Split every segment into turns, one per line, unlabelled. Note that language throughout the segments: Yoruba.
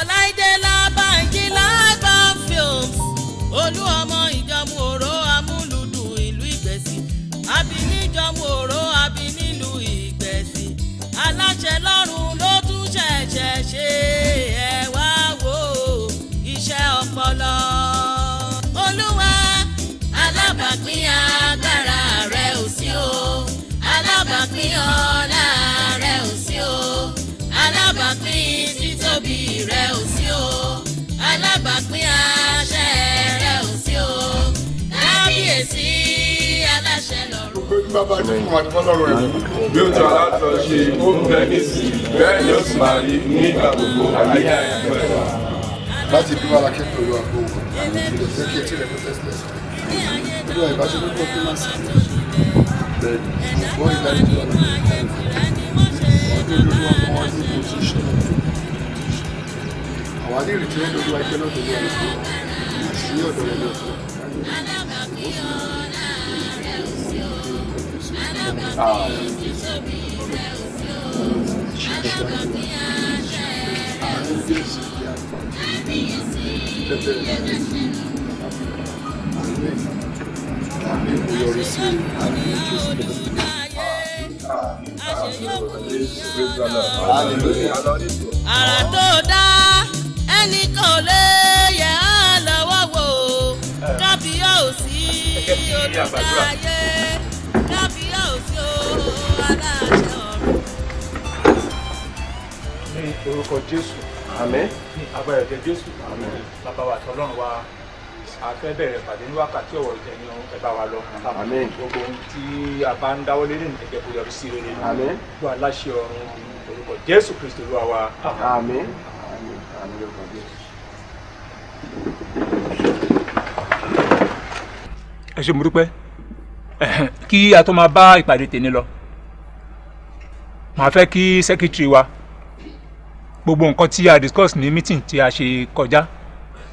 ọláìdé lábàájí lágbà films olú ọmọ ìjọmú òró amúlùdùn ìlú ìgbẹ̀sì abíníjọmú òró abínílù ìgbẹ̀sì aláṣẹ lọ́rùn ló tún ṣẹ̀ṣẹ̀ ṣe ẹ wá wo iṣẹ́ ọpọlọ. olúwa alábàápín agbára rẹ ò sí o alábàápín ọlá.
ojú bàbá tí mo máa ti fọ́nà rẹ̀ mú. bí o tọ́ aláàtọ̀ ṣe ó ń bẹ nísìnyí bẹ́ẹ̀ yóò sì máa rí nígbà gbogbo àyè àyè láti bí wàhálà kẹ́kọ̀ọ́
ìlú àgbo wò ló fẹ́ kí etí rẹ̀ ló tẹ̀sílẹ̀ sí i olúwa ìbáṣepọ̀ tó kí máa sàn bẹ́ẹ̀ ni wọ́n ìdánilẹ́wọ̀ ọdún olúwa ọmọ
wọn ní kò sí ṣe àwọn adìrì tí wọ́n lọ́wọ́ ẹgbẹ́ náà tó ní ọdún sí ọ̀dọ̀ rẹ̀ lọ́sọ̀ọ́
Àrà tó dá ẹnì kan lè yẹ á lọ́wọ́ wò kábíyọ̀ sí olùdáyé
ní orúkọ jésù àmín ní agbára ẹ̀jẹ̀ jésù àmín bàbá wa àti ọlọ́run wa a fẹ́ bẹ̀rẹ̀ pàdé ní wákàtí ọ̀wọ̀ ìjẹni ọ̀hún ẹ bá wa lọ àmín gbogbo ohun tí a bá ń dáwọ́ lé ní ẹ̀jẹ̀ kò yọrí sí rere àmín gbọ́ aláṣẹ ọ̀run orúkọ jésù kristu olúwa wa àmín àmín àmín orúkọ jésù. ẹ ṣe mo dúpẹ́. kí a tó máa bá ìpàdé tèmi lọ màá fẹ́ kí sẹ́kítírì wa gbogbo nǹkan tí a discuss ní meeting tí a ṣe kọjá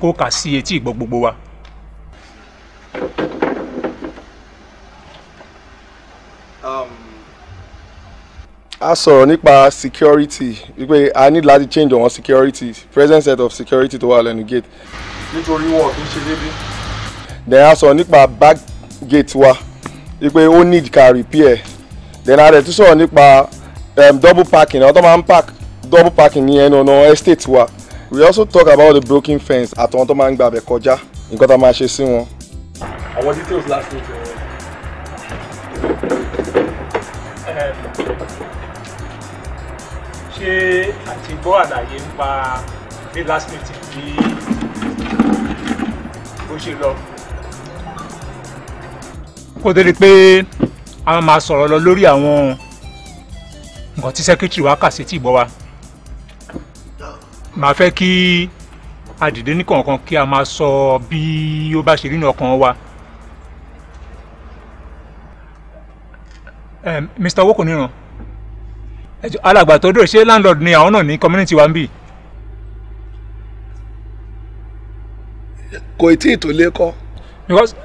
kó kà sí etí ìgbọ́ gbogbo wa.
Um,
a sọ̀rọ̀ nípa security wípé a need láti change àwọn security present set of security tó wà lẹ́nu gate.
nítorí wọ́ọ̀ kí n ṣe déédéé.
then a sọ̀rọ̀ nípa back gate wa. Wow wípé ó need ká repair then a rẹ̀ tún sọ̀rọ̀ nípa um, double parking àwọn máa ń park double parking ní ẹnu ọ̀nà estate wa we also talk about the broken fence àtàwọn tó máa ń gbàbẹ̀ kọjá nǹkan tá máa ṣe sí wọn. àwọn details last week.
Uh, um, ṣé àti gbọ́ àlàyé ń pa last meeting bí ó ṣe lọ kó tó di pé a máa sọ̀rọ̀ lọ lórí àwọn nǹkan tí sẹ́kítírì wa kà sí tìgbọ́ wa màá fẹ́ kí a dìde ní kọ̀ọ̀kan kí a máa sọ bí ó bá ṣe rí ní ọkàn wa. Mr. owó kò níran alàgbà tó dòrò ṣé landlord ni àwọn náà ní community wa ń bì.
kò tí ì tó lé kọ́.
because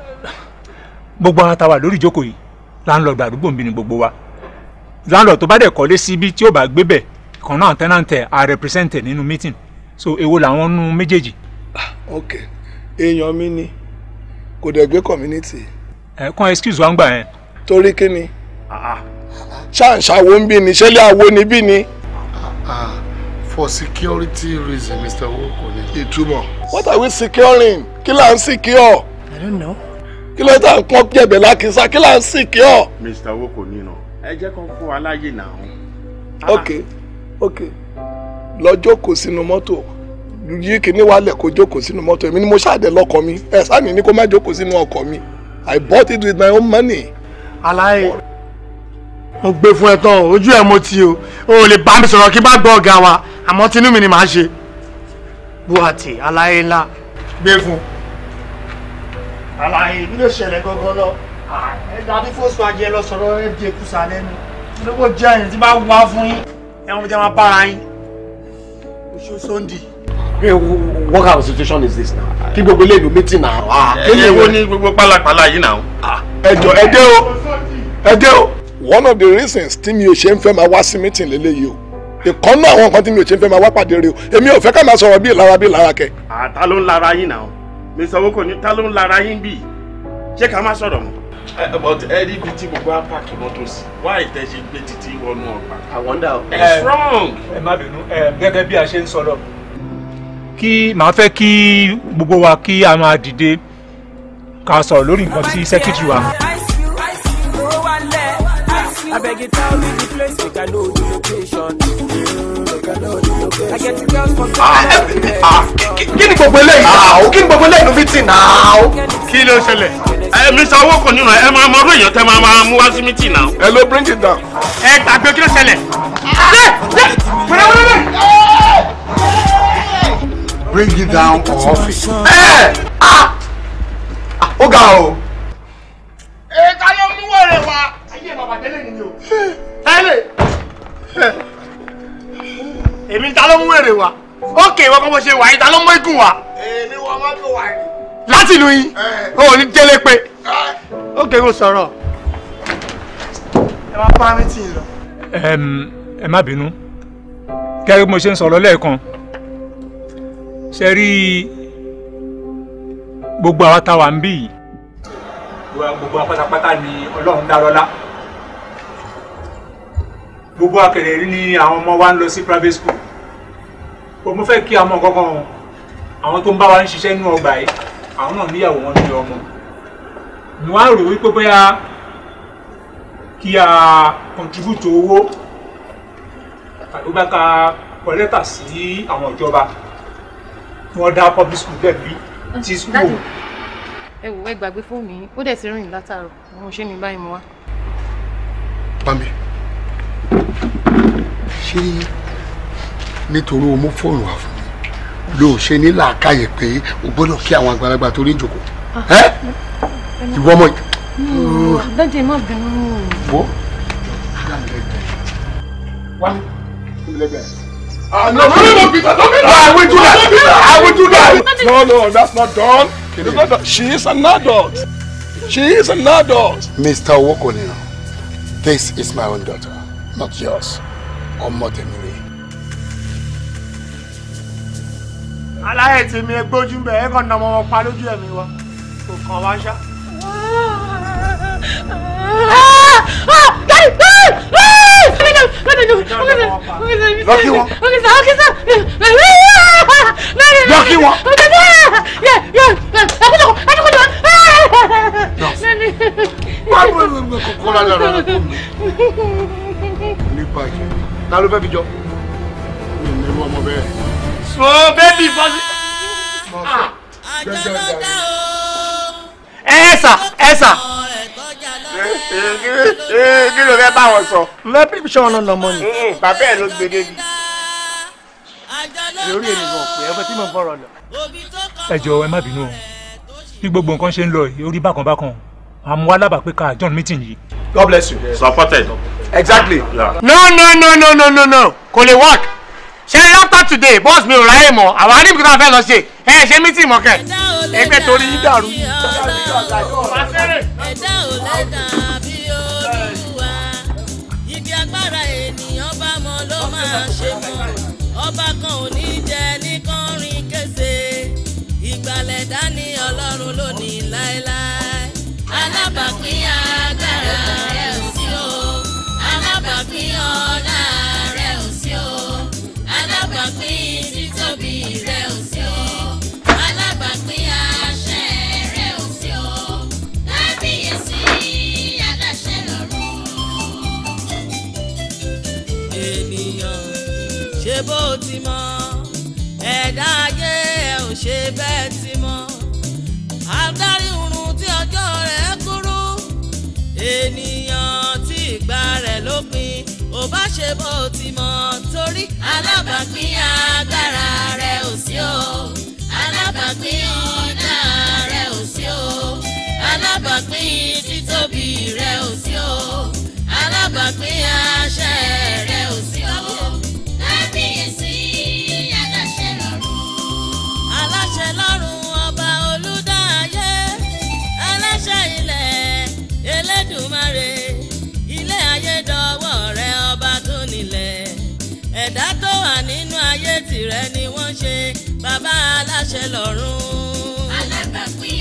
gbogbo àwọn táwa lórí ìjókòó yìí láńlọ́ọ̀dù àdúgbò ń ni gbogbo wa láńlọ́ọ̀dù tó bá dẹ̀ kọ́lé síbi tí ó bá gbé bẹ̀ kan náà tẹ́nàntẹ̀ a represent nínú meeting so èwo làwọn nú méjèèjì. Ah, ok
èèyàn mi ni kò dẹ̀ gbé community.
ẹ kàn excuse wa ń gbà yẹn.
torí kí ni ah, ah. ṣàǹṣàwò ń bí ni ṣẹlẹ̀ àwo ni bí ni. for security reason mr owó kò ní. ìtumọ̀ what are we securing kí là ń secure. i don't know kí ló tà ń pọ́n jẹ̀bẹ̀ lákìsá kí là ń sìn
kí ọ̀. mr owó kò ní nà ẹ jẹ́ kó fún wa láàyè náà. ok
ok lọ jókòó sínú mọ́tò yí kíní wálẹ̀ kó jókòó sínú mọ́tò èmi ni mo ṣàdé lọ́kọ̀ mi ẹ sáàmì ni kó má jókòó sínú ọkọ̀ mi i bought it with my own money.
aláì mo gbé fún ẹ tán ojú ẹ mo ti o ò lè bá mi sọ̀rọ̀ kí n bá gbọ́ ọ̀gá wa àmọ́ tinú mi ni màá ṣe buhati aláì ńlá gbé fún un àlàyé mi ló ṣẹlẹ̀ gangan lọ ẹ̀dàbí fóṣù ajé lọ sọ̀rọ̀ fj kùsà lẹ́nu lówó jẹ́ ẹ̀yìn tí bá wá fún yín ẹ̀wọ̀n jẹ́ máa bára yín oṣù sunday.
Hey, what kind of situation is this now? Kí gbogbo ilé ìlú meeting now. Ẹyẹ wo ni gbogbo pálapàla yìí náà? Ah, Ẹjọ́ ẹdẹ o, ẹdẹ o. One of the reasons tí mi ò ṣe ń fẹ́ máa wá sí meeting lélẹ́yìí o ìkọ́nú àwọn nǹkan tí mi ò ṣe ń fẹ́ máa wá pàdé rẹ o èmi ò fẹ́ ká máa sọ̀rọ̀ bíi lára bíi lára kẹ.
àtà ah, ń lara yín náà Mr. Owoko ní ta ń lara yín bì ṣé ká má sọ̀rọ̀ mọ́. but ẹni bíi tí gbogbo apáàkì mọ́tò sí wáyé tẹ́ ṣe gbé títí wọnú ọgbà. I wonder it's wrong.
ẹ má bínú gẹ́gẹ́ bí a ṣe ń sọ̀rọ̀ kí màá fẹ́ kí gbogbo wa kí a máa dìde ká sọ̀rọ̀ lórí nǹkan tí sẹ́kítì wa.
abeg you tell me the place make I know the location. Ah, eh, eh, ah,
kí ni gbogbo eléyìí náà ah, o kí ni
gbogbo eléyìí ló fi tì náà o. kí ló ṣẹlẹ̀ ẹ mi san owó kan nínú ẹ máa mọ ọdún èèyàn tẹ máa máa mú wá sí mítì náà. ẹ ló bring it down.
ẹ gbàgbé kí ló ṣẹlẹ̀.
bring it down or office. ẹ
eh, ah ó ga o.
ètò ayé mú wọlé
wa. ayé bàbá délé nìyí o.
tẹ́lẹ̀ èmi ta ló mú èrè wa ókè ìwọ kọ́ bó ṣe wà yìí ta ló mú igun wa.
èmi wọ mọ́tò wà ní.
láti ìlú yín o ò ní délé pé ókè kò sọ̀rọ̀
ẹ máa bá mi tì í lọ.
ẹ má bínú gẹ́gẹ́ bí mo ṣe ń sọ̀rọ̀ lẹ́ẹ̀kan ṣe rí gbogbo àwa táwa ń bí yìí gbogbo àwa pátápátá ni ọlọ́run dá lọ́lá gbogbo akẹ̀rẹ̀ rí ni àwọn ọmọ wa ń lọ sí private school o mo fẹ́ kí àwọn kankan àwọn tó ń bá wa ń ṣiṣẹ́ nínú ọgbà yìí àwọn náà níyàwó wọn nílé ọmọ ni wọ́n á rò wípé bóyá kí a contribute owó tàbí bá ka kọ lẹ́tà sí àwọn ìjọba kí wọ́n dá public school bẹ́ẹ̀ bí ah, ti school.
ẹ wò ẹ gbàgbé fóònù yìí ó dẹ̀ ti rìn látàrọ̀ mo ṣe ní báyìí mo wá.
pàmì ṣé nítorí o mú fóònù wá fún mi ló ṣe ní làákàyè pé o gbọ́dọ̀ kí àwọn àgbàlagbà tó rí ìjòkó ah. ẹ́ ìwọ ọmọ yìí. dájú ìmọ̀ bínú. wo wá lẹ́gbẹ̀ẹ́. Uh, ah, no, no, no, no, Peter, don't be that. I will do that. I will do that. No, no, that's not done. It's not done. She is an adult. She is an adult. Mr. Wokonina, this is my own daughter not yours ọmọ tèmi rè.
aláyẹ̀ tèmi ẹ gbójú bẹ̀ ẹ kàn nà ọmọ
wọn pa lójú ẹ̀mí wa kò
kàn wá
Ah! lọ́kì wọn. lọ́kì
wọn.
No nípa
ìjẹ ta ló fẹ́ fi jọ. mi ò ní
irú ọmọ bẹ́ẹ̀. sọ bẹ́ẹ̀lì bọ́sí. Ah!
ẹ sà ẹ sà. kí ló fẹ́ bá wọn sọ. n fẹ́ pípì sọ ọ̀nà ọmọ ni. bàbá ẹ̀ ló gbẹgẹ́ bí. lórí ènìyàn pé ẹ fẹ́ tí mo ń bọ̀rọ̀ lọ.
ẹ jọ̀ọ́ ẹ má bínú o bí gbogbo nǹkan ṣe ń lọ yìí orí bákan bákan o àmú alábàápẹ́ ká meeting yìí. God bless you. Yes. Supported. Exactly. Yeah. No no no no no no no kò lè work.
Ṣé after today boss mi ò ráyè mọ́ àwọn aríbi kan fẹ́ lọ ṣe ẹ ṣe meeting mọ́ kẹ̀. Ẹgbẹ́ torí yín dàrú.
Ọba kan ò ní bẹ́ẹ̀ ti mọ̀ adarí irun tí ọjọ́ rẹ̀ kúrú ènìyàn tí ìgbà rẹ̀ lópin ò bá ṣe bó ti mọ̀ torí. alábàápín agbára rẹ̀ ò sí o alábàápín ọ̀nà rẹ̀ ò sí o alábàápín títóbi rẹ̀ ò sí o alábàápín àṣẹ rẹ̀. ẹ̀dá tó wà nínú ayé tìrẹ ni wọ́n ṣe bàbá aláṣẹ lọ́run. alábàápín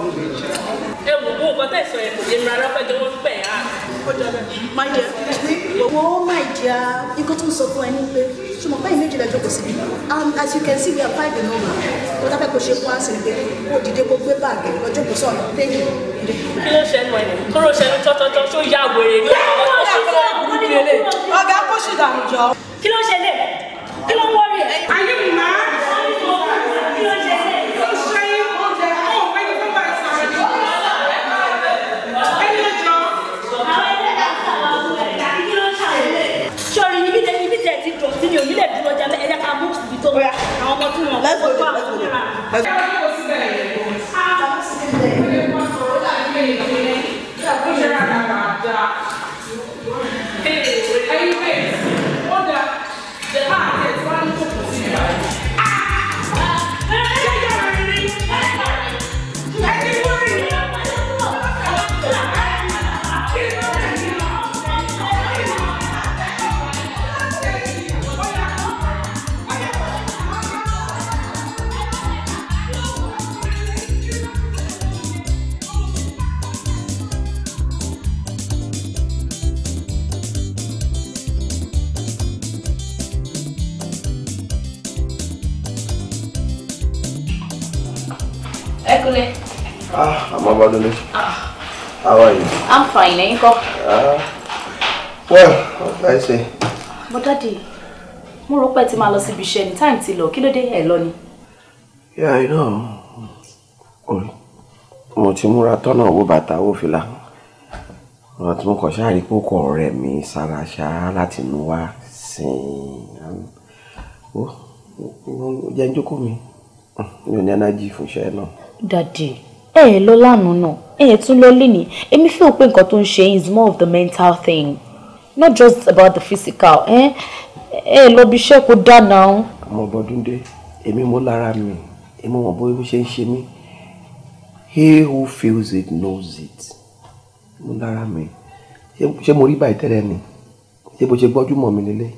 lọ́rùn mi. ẹ wò ó nǹkan tẹ̀ sọ yẹn kò yé mi rárá pẹ́ jọ̀wọ́ pẹ̀ á. my dear
owó my dear nǹkan tó ń sọ fún ẹ ní pé ṣùgbọ́n báyìí méjì lẹ́jọ́ kò sí bí and as you can see we are five in number kó dábẹ́ kó ṣe fún àṣẹ pé kó dìde kó gbé báàgì lọ́jọ́ kó sọ̀rọ̀ lẹ́yìn.
kí ló ṣe ń wọ ẹ̀ kóró ṣe ń tọ́tọ́tọ́ tó yá wèrè ní ọ̀gá kó ṣì dànù jọ. kí ló ṣe 나... 아,
How are you?
I'm fine, eh? Go. Uh,
ah, well, what can I say?
But daddy, mo rò pé tí máa lọ síbi iṣẹ́ ni time to lọ. Kí ló dé ẹ
Yeah, I know. Orí. Mo ti múra tọ́nà wo bàtà wo fìlà. Mo ti mú kọ̀ ṣáà rí pé kọ̀ ọ̀rẹ́ mi sára ṣá láti inú wá sìn. Ó jẹ́ ń jókòó mi. Mi ò ní ẹnájì fún iṣẹ́ náà.
Dàdí, ẹ ẹ lọ lánàá náà ẹ̀yẹ̀ eh, tún lọ lé ní èmi feel pé nǹkan tó ń ṣe is more of the mental thing not just
about the physical ẹ eh? ẹ eh, lọ bí iṣẹ́ kó dáná. àmọ́ bọ́dúndé èmi mo lára mi èmi mọ̀ bóyá bó ṣe ń ṣe mí he who feels it knows it mo lára mi ṣé mo rí báyìí tẹ́lẹ̀ ni ṣé bó ṣe gbọ́jú mọ̀ mi lélẹ̀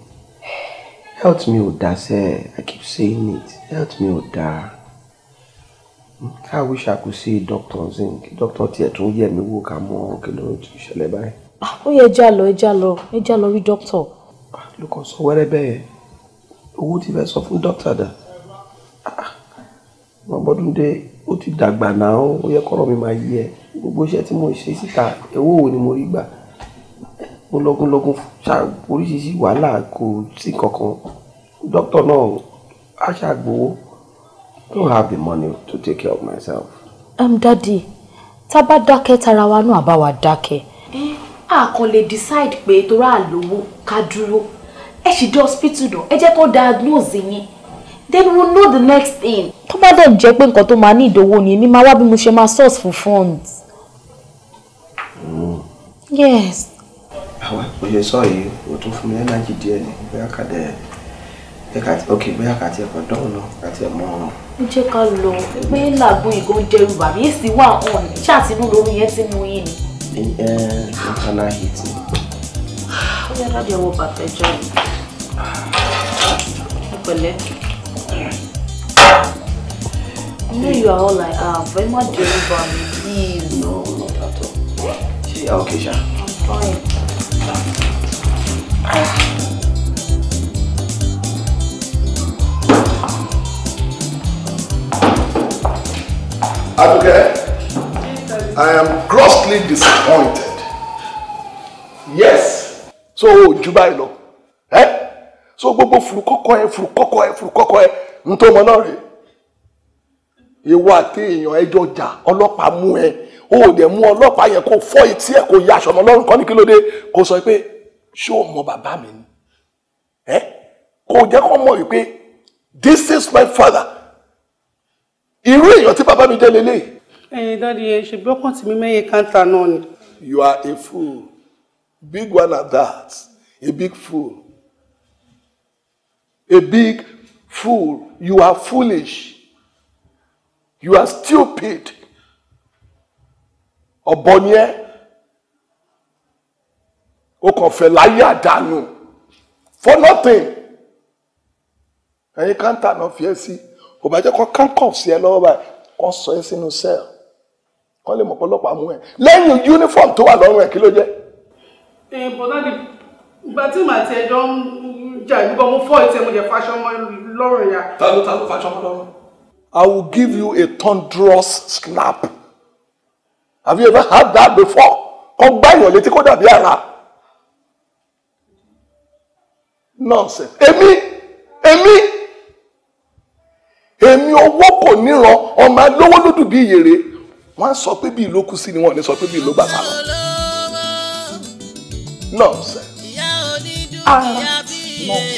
health mi ò dá sẹ́ẹ̀ i keep saying it health mi ò dáa. I wish I could see Doctor Zink. Doctor, tiẹ̀ tún yẹ̀ mí wò ká mọ kí ló ti ṣẹlẹ̀ báyìí.
Ah, ó yẹ já lọ, ẹ já lọ, ẹ já lọ rí
dókítà. Ah, ló kàn sọ wẹ́rẹ́ bẹ́ẹ̀ yẹn. Owó ti fẹ́ sọ fún dókítà dà. Ah, Ọmọdúndé ó ti dàgbà náà ó yẹ kọ́rọ̀ mi máa yí ẹ. Gbogbo iṣẹ́ tí mo ṣe síta owó wo ni mo rí gbà. Mo lọ́gúnlọ́gún ṣá oríṣiríṣi wàhálà kò sí kankan. Dókítà náà á ṣàgbówó. I don't have the money to take care of myself.
Um, Daddy, tá bá dákẹ́ tara wa náà bá wa dákẹ́. Eh, a kàn lè decide pé torá àlówó ká dúró. Ẹ ṣì dé hospital náà, ẹ jẹ́ kó diagnose yín. Then we know the next thing. Tó bá dẹ̀ jẹ́ pé nǹkan tó máa ní ìdówó ni èmi máa wá bí mo ṣe máa source for funds. Mm. Yes.
Àwa kò ṣe sọ yìí, o tún fún mi lẹ́nàjì díẹ̀ ni, bóyá kàdé, ok, bóyá kàtí ẹ̀kọ́ dọ́ọ̀ náà, kàtí ẹ̀ mọ́ ọ̀run
ẹ jẹ́ ká lọ pé làgbo ìgò ń jẹrù bàbí èsì wà hàn ní ṣáàtìlú lórí yẹn ti mú yín
ni. Eh, ẹ ẹ internal heat ni.
ó yẹ láti ọwọ́ bàtà ẹjọ́ ni. pẹ̀lẹ́. You know you are all I have. Ah, ẹ má jẹrù bàbí please. No, not
at all. Ṣé àwọn kejì à? I'm fine.
Aduke, I am grossly disappointed. Yes. So ju báyìí lọ. Eh? So gbogbo furukọ́kọ́ ẹ furukọ́kọ́ ẹ furukọ́kọ́ ẹ ń tó ọmọ náà rè. Ìwọ àti èèyàn ẹjọ́ jà ọlọ́pàá mú ẹ. O ò dẹ̀ mú ọlọ́pàá fo kó fọ́ etí ẹ̀ kó ya aṣọ ọmọ lọ́rùn kan ní kílódé kó sọ pé ṣé o mọ bàbá mi ni? this is my father irú èèyàn tí bàbá mi jẹ́ lélẹ̀.
ẹyin dáàdi ẹ ṣe gbọ́kàn tí
mi mẹ́yẹ káńtà náà ni. you are a fool big one at that a big fool a big fool you are foolish you are stupid ọ̀bọ ni ẹ́ o kàn fẹ́ láyé àdánù for nothing ẹ̀yin káńtà náà fi ẹ́ sí. Si kò bá jẹ́ kó kánkàn ẹ lọ́wọ́ báyìí kó sọ ẹ sínú cell kó lè mọ̀ pọ́lọ́pàá mú ẹ lẹ́yìn uniform tó wà lọ́rùn ẹ kí ló jẹ́. I will give you a thunderous slap. Have you ever had that before? Kọ́ gbá ìwọ̀n létí kó dàbí ara. Nonsense. Èmi! Èmi! èmi owó kò níran ọmọ alówó lódù bí ìyèrè wọ́n á sọ pé bí ìlú kù sí ni wọ́n ò ní sọ pé bí ìlú gbà sálọ. nọ́ọ̀sẹ̀
ara nọ́ọ̀sẹ̀.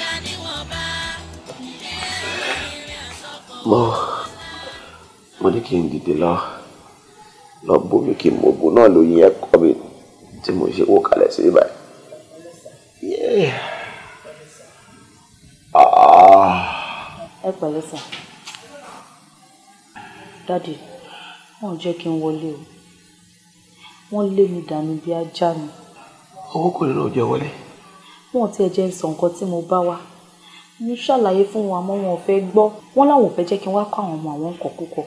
mo mo ní kí n dìde lọ lọ bomi kí n mo bu náà lóyún ẹ̀kọ́ mi tí mo ṣe wò kalẹ̀ sí
báyìí.
Ah.
ẹ pẹ̀lẹ́ sà dáàdì wọn ò jẹ́ kí n wọlé o wọ́n lé mi dànù bí ajá mi.
owó kò nínú òjò wọlé.
wọn ò tiẹ̀ jẹ́ ń sọ nǹkan tí mo bá wá mo ṣàlàyé fún wọn àmọ́ wọn ò fẹ́ gbọ́ wọn làwọn ò fẹ́ jẹ́ kí n wá kọ́ àwọn ọmọ àwọn nǹkan púpọ̀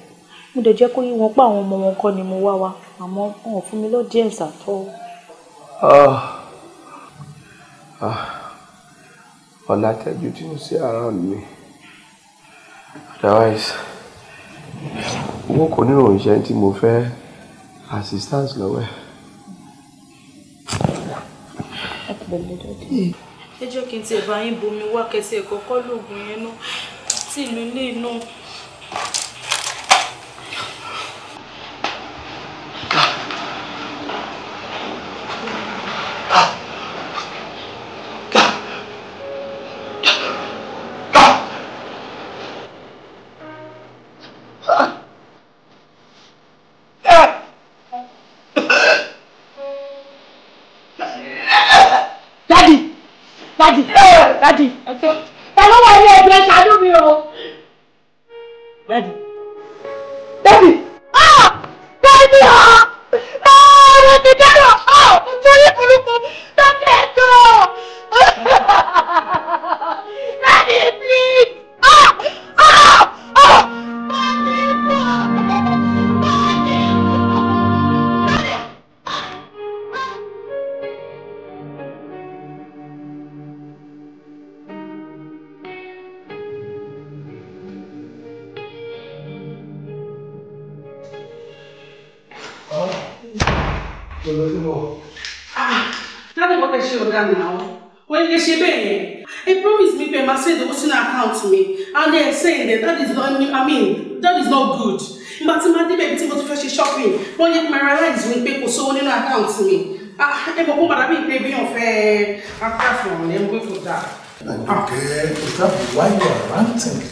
mo dẹ̀ jẹ́ kó yí wọn pa àwọn ọmọ wọn kọ́ ni mo wá wa àmọ́ wọn ò fún mi lọ́díẹ̀nsì àtọ́.
Ah, ah, ọ̀la tẹ́jú tí mo ṣe around mi otherwise owó kò ní ìròyìn tí mo fẹ́ assistance lọ́wọ́ ẹ̀
ẹ jẹ́ kí n ti ẹ̀bá yín bomi wá kẹsí ẹ̀kọ́ kọ́ lóògùn yẹn náà tí ìlú ilé náà
bẹ́ẹ̀ that is not i mean that is not good ìgbà tí máa débẹ̀ ibi tí mo ti fẹ́ ṣe shopping wọ́n yẹ kí máa realize wípé kò sówó nínú àkáǹtì mi ah, ẹ mọ̀ kó padà bí pé bí wọ́n fẹ́ apá fún ọ̀nà ẹ̀mú kò dà. àgbẹ̀
ìtàbí wáyé ranting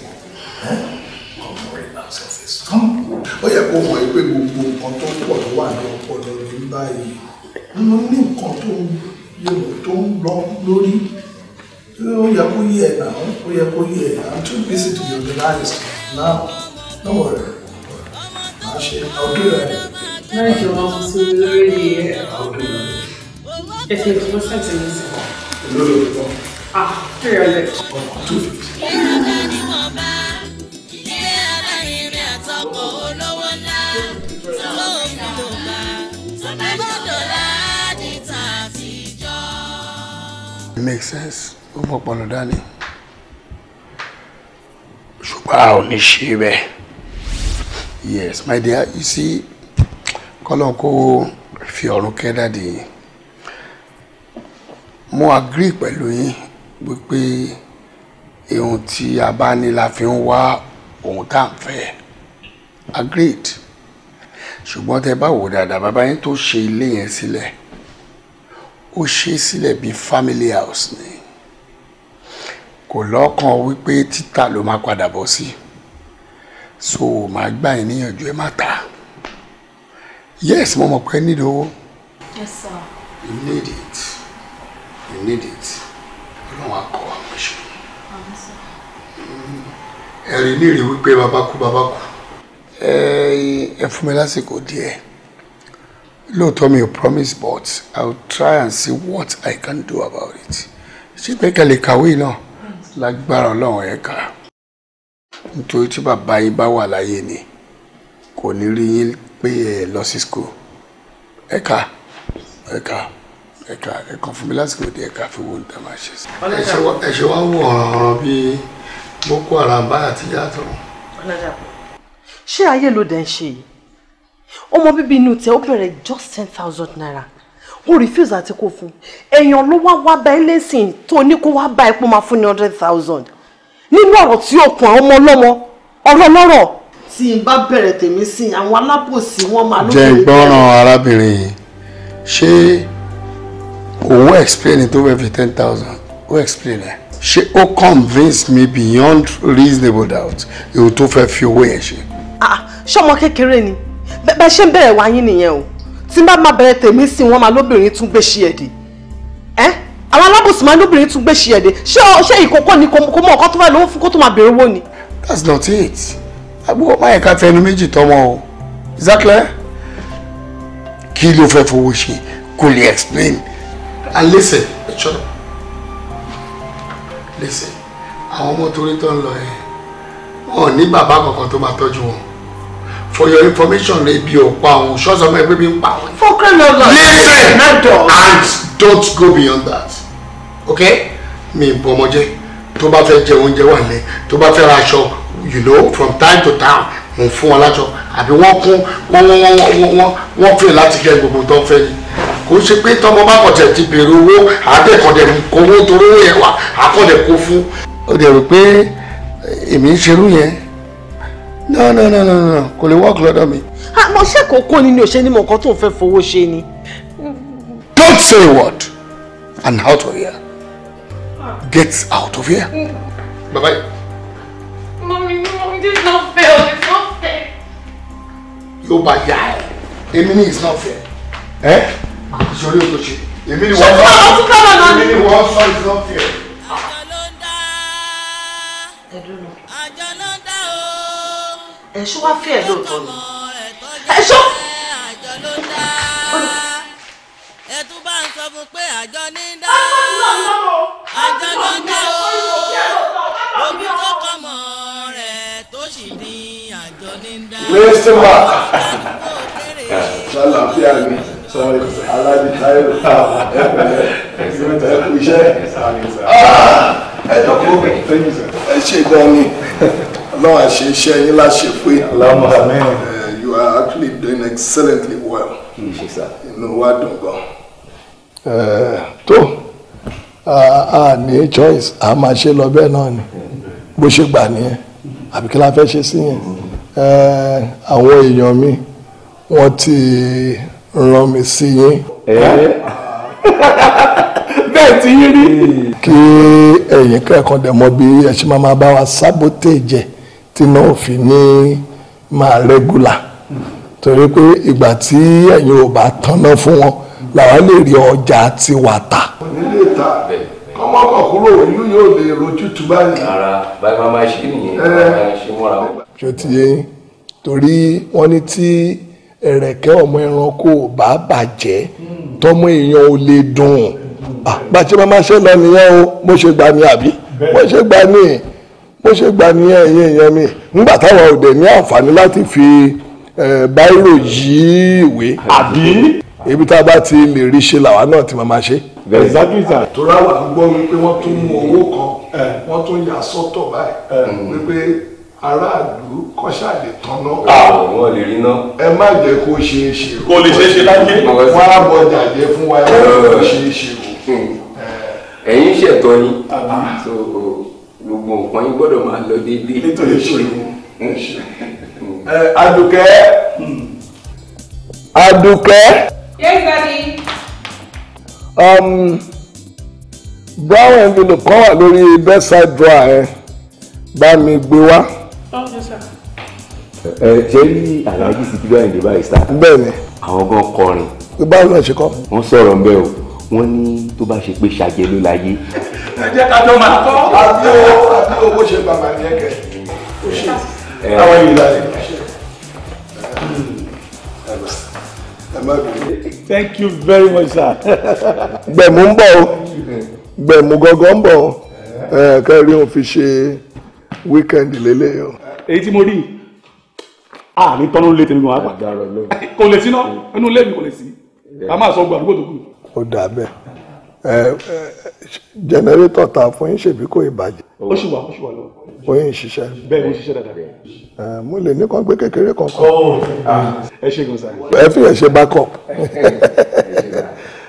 ọmọ rẹ̀ náà sọ fẹ́ sọ. ó yẹ kó mọ̀ pé gbogbo nǹkan tó pọ̀ tó wà ní ọpọlọ ní báyìí ló ní nǹkan tó ń lọ lórí ó yẹ kó yé ẹ náà yẹ kó yé i'm too busy to be organized now no worry màá ṣe ọdún rẹ. náà ìjọba mo sún mi
lórí ẹsẹ ìfowópamọ́ sẹ́ẹ̀tì mi sí. olórí olùkọ́. ah three hundred. ọkọ two fifty.
It makes sense ó fọpọlọ dání ṣùgbọ́n a ò ní ṣe bẹ́ẹ̀ yes my dear you see kọ́lọ́n kó fi ọ̀run kẹ́ dáàdì yìí mo agree pẹ̀lú yín wípé ohun tí a bá ní la fi ń wá ohun tá à ń fẹ́ agreed ṣùgbọ́n tẹ bá wò dáadáa bàbá yín tó ṣe ilé yẹn sílẹ̀ ó ṣe é sílẹ̀ bíi family house ni kò lọ́kàn wípé títà ló máa padà bọ̀ sí so màá gbà yín níyànjú ẹ má ta yes mo mọ̀ pé nílò owó. yes sir. you need it you need it ọlọ́run akọ àwọn ìṣòro ẹ̀rí nírìí wípé bàbá kú bàbá kú ẹ fún mi lásìkò díẹ̀ lóòótọ́ mi ò promise but i will try and see what i can do about it ṣé pé kẹ́lẹ̀ kàwé náà lágbára ọlọ́run ẹ̀ kà nítorí tí bàbá yín bá wà láyé ni kò ní rí yín pé ẹ lọ sí school ẹ kà ẹ kà ẹ kà ẹ kàn fún mi lásìkò dé ẹ kà fi wo níta máa ṣe sí. ẹ ṣe wá wò ọ̀ràn bíi boko haram báyà ti yàtọ̀.
ṣé ayé ló dẹ̀ ń ṣe yìí ọmọ bíbí inú tẹ ó bẹ̀rẹ̀ just ten thousand naira ó refuse àti kó fún èèyàn ló wá wá bá ẹ lẹ́sìn tó ní kó wá bá ẹ pé máa fún ní hundred thousand nínú ọ̀rọ̀ tí ó kun àwọn ọmọ ọlọ́mọ ọ̀rọ̀ lọ́rọ̀. tí n bá bẹ̀rẹ̀ tèmi sí àwọn alábòsí wọn máa lókè. jẹ́ ìgbọràn
arábìnrin yìí ṣé òun explain tó fẹ́ fi ten thousand ó explain ẹ̀ ṣé ó convince me beyond reasonable doubt èyí tó fẹ́ fi owó yẹn ṣe.
Ah, ṣé ọmọ kékeré ni bẹ́ẹ̀ ṣe ń bẹ̀rẹ̀ wáyé nìyẹn o tí bá máa bẹ̀rẹ̀ tèmi sí wọn máa lóbìnrin tún gbé ṣí ẹ̀dẹ̀ ẹ́ àwọn alábòsùn máa lóbìnrin tún gbé ṣí ẹ̀dẹ̀ ṣé ṣé ìkókó ni kò mọ ọkọ tó fẹ́ lówó fún kó tó máa bèrè owó ni. that's not it
agbóhùn máa yẹn ká fẹnu méjì tọmọ o is that clear kí ló fẹ́ fowó ṣe kò lè explain and listen ẹ̀ṣọ́ listen àwọn ọmọ torí tó ń lọ yẹn wọn ò ní bàbá kankan tó máa tọ́jú wọn for your information ebi ò pa òun ṣọ́ọ̀ṣì ọmọ ẹgbẹ́ mi ń pa òun. for crying out loud listen and don't go beyond that okay mi ì bọ́ ọmọ jẹ́ tó bá fẹ́ jẹ oúnjẹ wà lẹ́ tó bá fẹ́ ra aṣọ you know from time to time mo fún wọn lájọ àbí wọ́n kún wọ́n wọ́n wọ́n wọ́n wọ́n fẹ́ láti gẹ gbogbo tó ń fẹ́ ni kò ṣe pé tọmọ bá kọ̀tẹ̀ ti bèrè owó àbẹ̀kọ̀dẹ̀ kò owó torí owó yẹn wà àkọ̀dẹ̀ kò fún. ó dẹ̀ rò pé eh, èmi ń ṣerú yẹn no no no no no kò lè work lọ́dọ̀ mi.
àmọ́ ṣé kókó ni ni ò ṣe ní mọ nǹkan tó fẹ́ fowó ṣe ni.
don't say a word and out of here get out of here. bye bye.
mami mami this is not
fair it's not fair. yóò bá yá ẹ èmi ni it's not fair. ẹ ìṣòro yóò tó ṣe èmi ni wọ́n sọ èmi ni wọ́n sọ it's not fair.
ẹ dúró ẹ̀ṣọ́ wá fẹ́ ẹ̀ lóòótọ́ ni ẹ̀ṣọ́. ẹtú bá ń ẹ ṣe gan
ni. Ọlọ́run àṣẹ iṣẹ́ yín láṣẹ pé eh, you are actually doing excellently well hmm, inú wa dùn gan. Eh, tó Ah, ní choice a máa ṣe lọ bẹ́ẹ̀ náà ni bó ṣe gbà nìyẹn àbí kí la fẹ́ ṣe sí yẹn eh, àwọn èèyàn mi wọ́n ti rán mi sí yín bẹ́ẹ̀ ti yín rí. kí ẹ̀yin kẹ́kọ̀ọ́ dẹ̀ mọ̀ bí ẹ ṣe máa bá wa sábòtè jẹ́ tí náà fi ní máa rẹ́gúlà torí pé ìgbà tí ẹ̀yin ò bá tanná fún wọn làwọn lè rí ọjà tí wà tà. onílé ta kọ́mọ́ kúrò ìlú yóò lè rojú tu báyìí. ara báyìí máa máa ṣe nìyẹn máa ṣe mọ́ra wọn. ṣé ti yé torí wọ́n ní tí ẹ̀rẹ̀kẹ́ ọmọ ẹranko bá bàjẹ́ hmm. tọmọ èèyàn ò lè dùn bàtí máa ṣe lọ nìyẹn o mo ṣe gbà ní àbí mo ṣe gbà ní bó ṣe gbà ní ẹ̀yìn èèyàn mi nígbà táwọn òde ní àǹfààní láti fi báírò yí ìwé àbí ibi tá a bá ti lè rí ṣe làwa náà ti máa ṣe. ẹ̀ẹ́dàgbìsà. tóra wà ń gbọ́ wípé wọ́n tún mú owó kan wọ́n tún yà sọ́tọ̀ báyìí wípé aráàlú kọ́ṣàlè tanná. àwọn lè rí náà. ẹ má jẹ́ kó ṣeé ṣe o. kò lè ṣeé ṣe láyé. wọ́n á bọjà jẹ fún wa ẹ má jẹ́ kó ṣeé ṣe o. ẹ̀yin ṣẹ̀tọ́ ni gbogbo nǹkan yín gbọ́dọ̀ máa lọ déédéé. nítorí ṣe Adùkẹ́ hmm. Adùkẹ́.
yes daddy.
Um, brown envelope kan wà lórí bedside drawer ẹ bá mi gbé wá. Oh, ẹ ṣe rí aláàjì sí kíló àyìnbó báyìí sá. bẹ́ẹ̀ni. àwọn gan kọrin. báwo la ṣe kọ. wọ́n sọ̀rọ̀ ń bẹ́ o wọ́n ní tó bá ṣe pé ṣàjẹ́ ló láyé ẹ jẹ́ ká jọ máa o àbí owó àbí owó ṣe bàbá ní ẹ̀kẹ́ ó ṣe àwọn yìí lálẹ́ ẹ má bẹ̀rẹ̀. thank you very much sir. gbẹ̀mú ń bọ̀ o gbẹ̀mú gọ́gọ́ ń bọ̀ o kẹrin òun fi ṣe wíkẹ́ndì lélẹ̀ o. èyí tí mo rí a ní tọ́nú lé tèmi wọn àgbà kò lè sí náà inú ilé mi kò lè sí ká máa sọ gbàdúgbò tó kù. ó dà bẹ́ẹ̀ jẹnẹrétọ̀ ta fún yín ṣèbí kò ìbàjẹ́. ó ṣì wà ó wà lọ. ó yín ṣiṣẹ́. bẹ́ẹ̀ ó ṣiṣẹ́ dáadáa. mo lè ní kàn gbé kékeré kan kan. Oh, ah, ẹ ṣe gan sa. ẹ fi ẹ ṣe backup.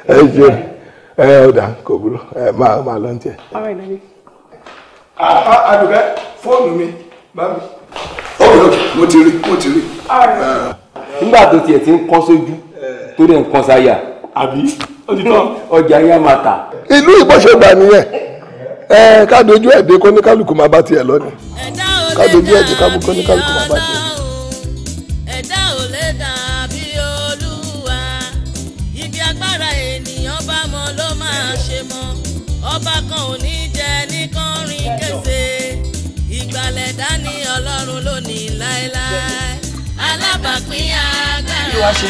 ẹ ṣe ẹ ọ̀dà kò burú ẹ máa máa lọ tiẹ̀. àdùkẹ́ ah, ah, fóònù mi bá mi. ó lọ mo ti rí mo ti rí. nígbà tó tiẹ̀ ti ń kán sójú tó dẹ̀ ń sáyà àbí òtítọ́. ọjà yẹn máa tà. ìlú ìbọ̀ṣẹ̀gbà nìyẹn ẹ ká dojú ẹ̀ dé kóníkálukú máa bá tiẹ̀ lọ ni ká dojú ẹ̀ dé kóníkálukú máa bá tiẹ̀.
ẹ̀dá ò lè dàbí olúwa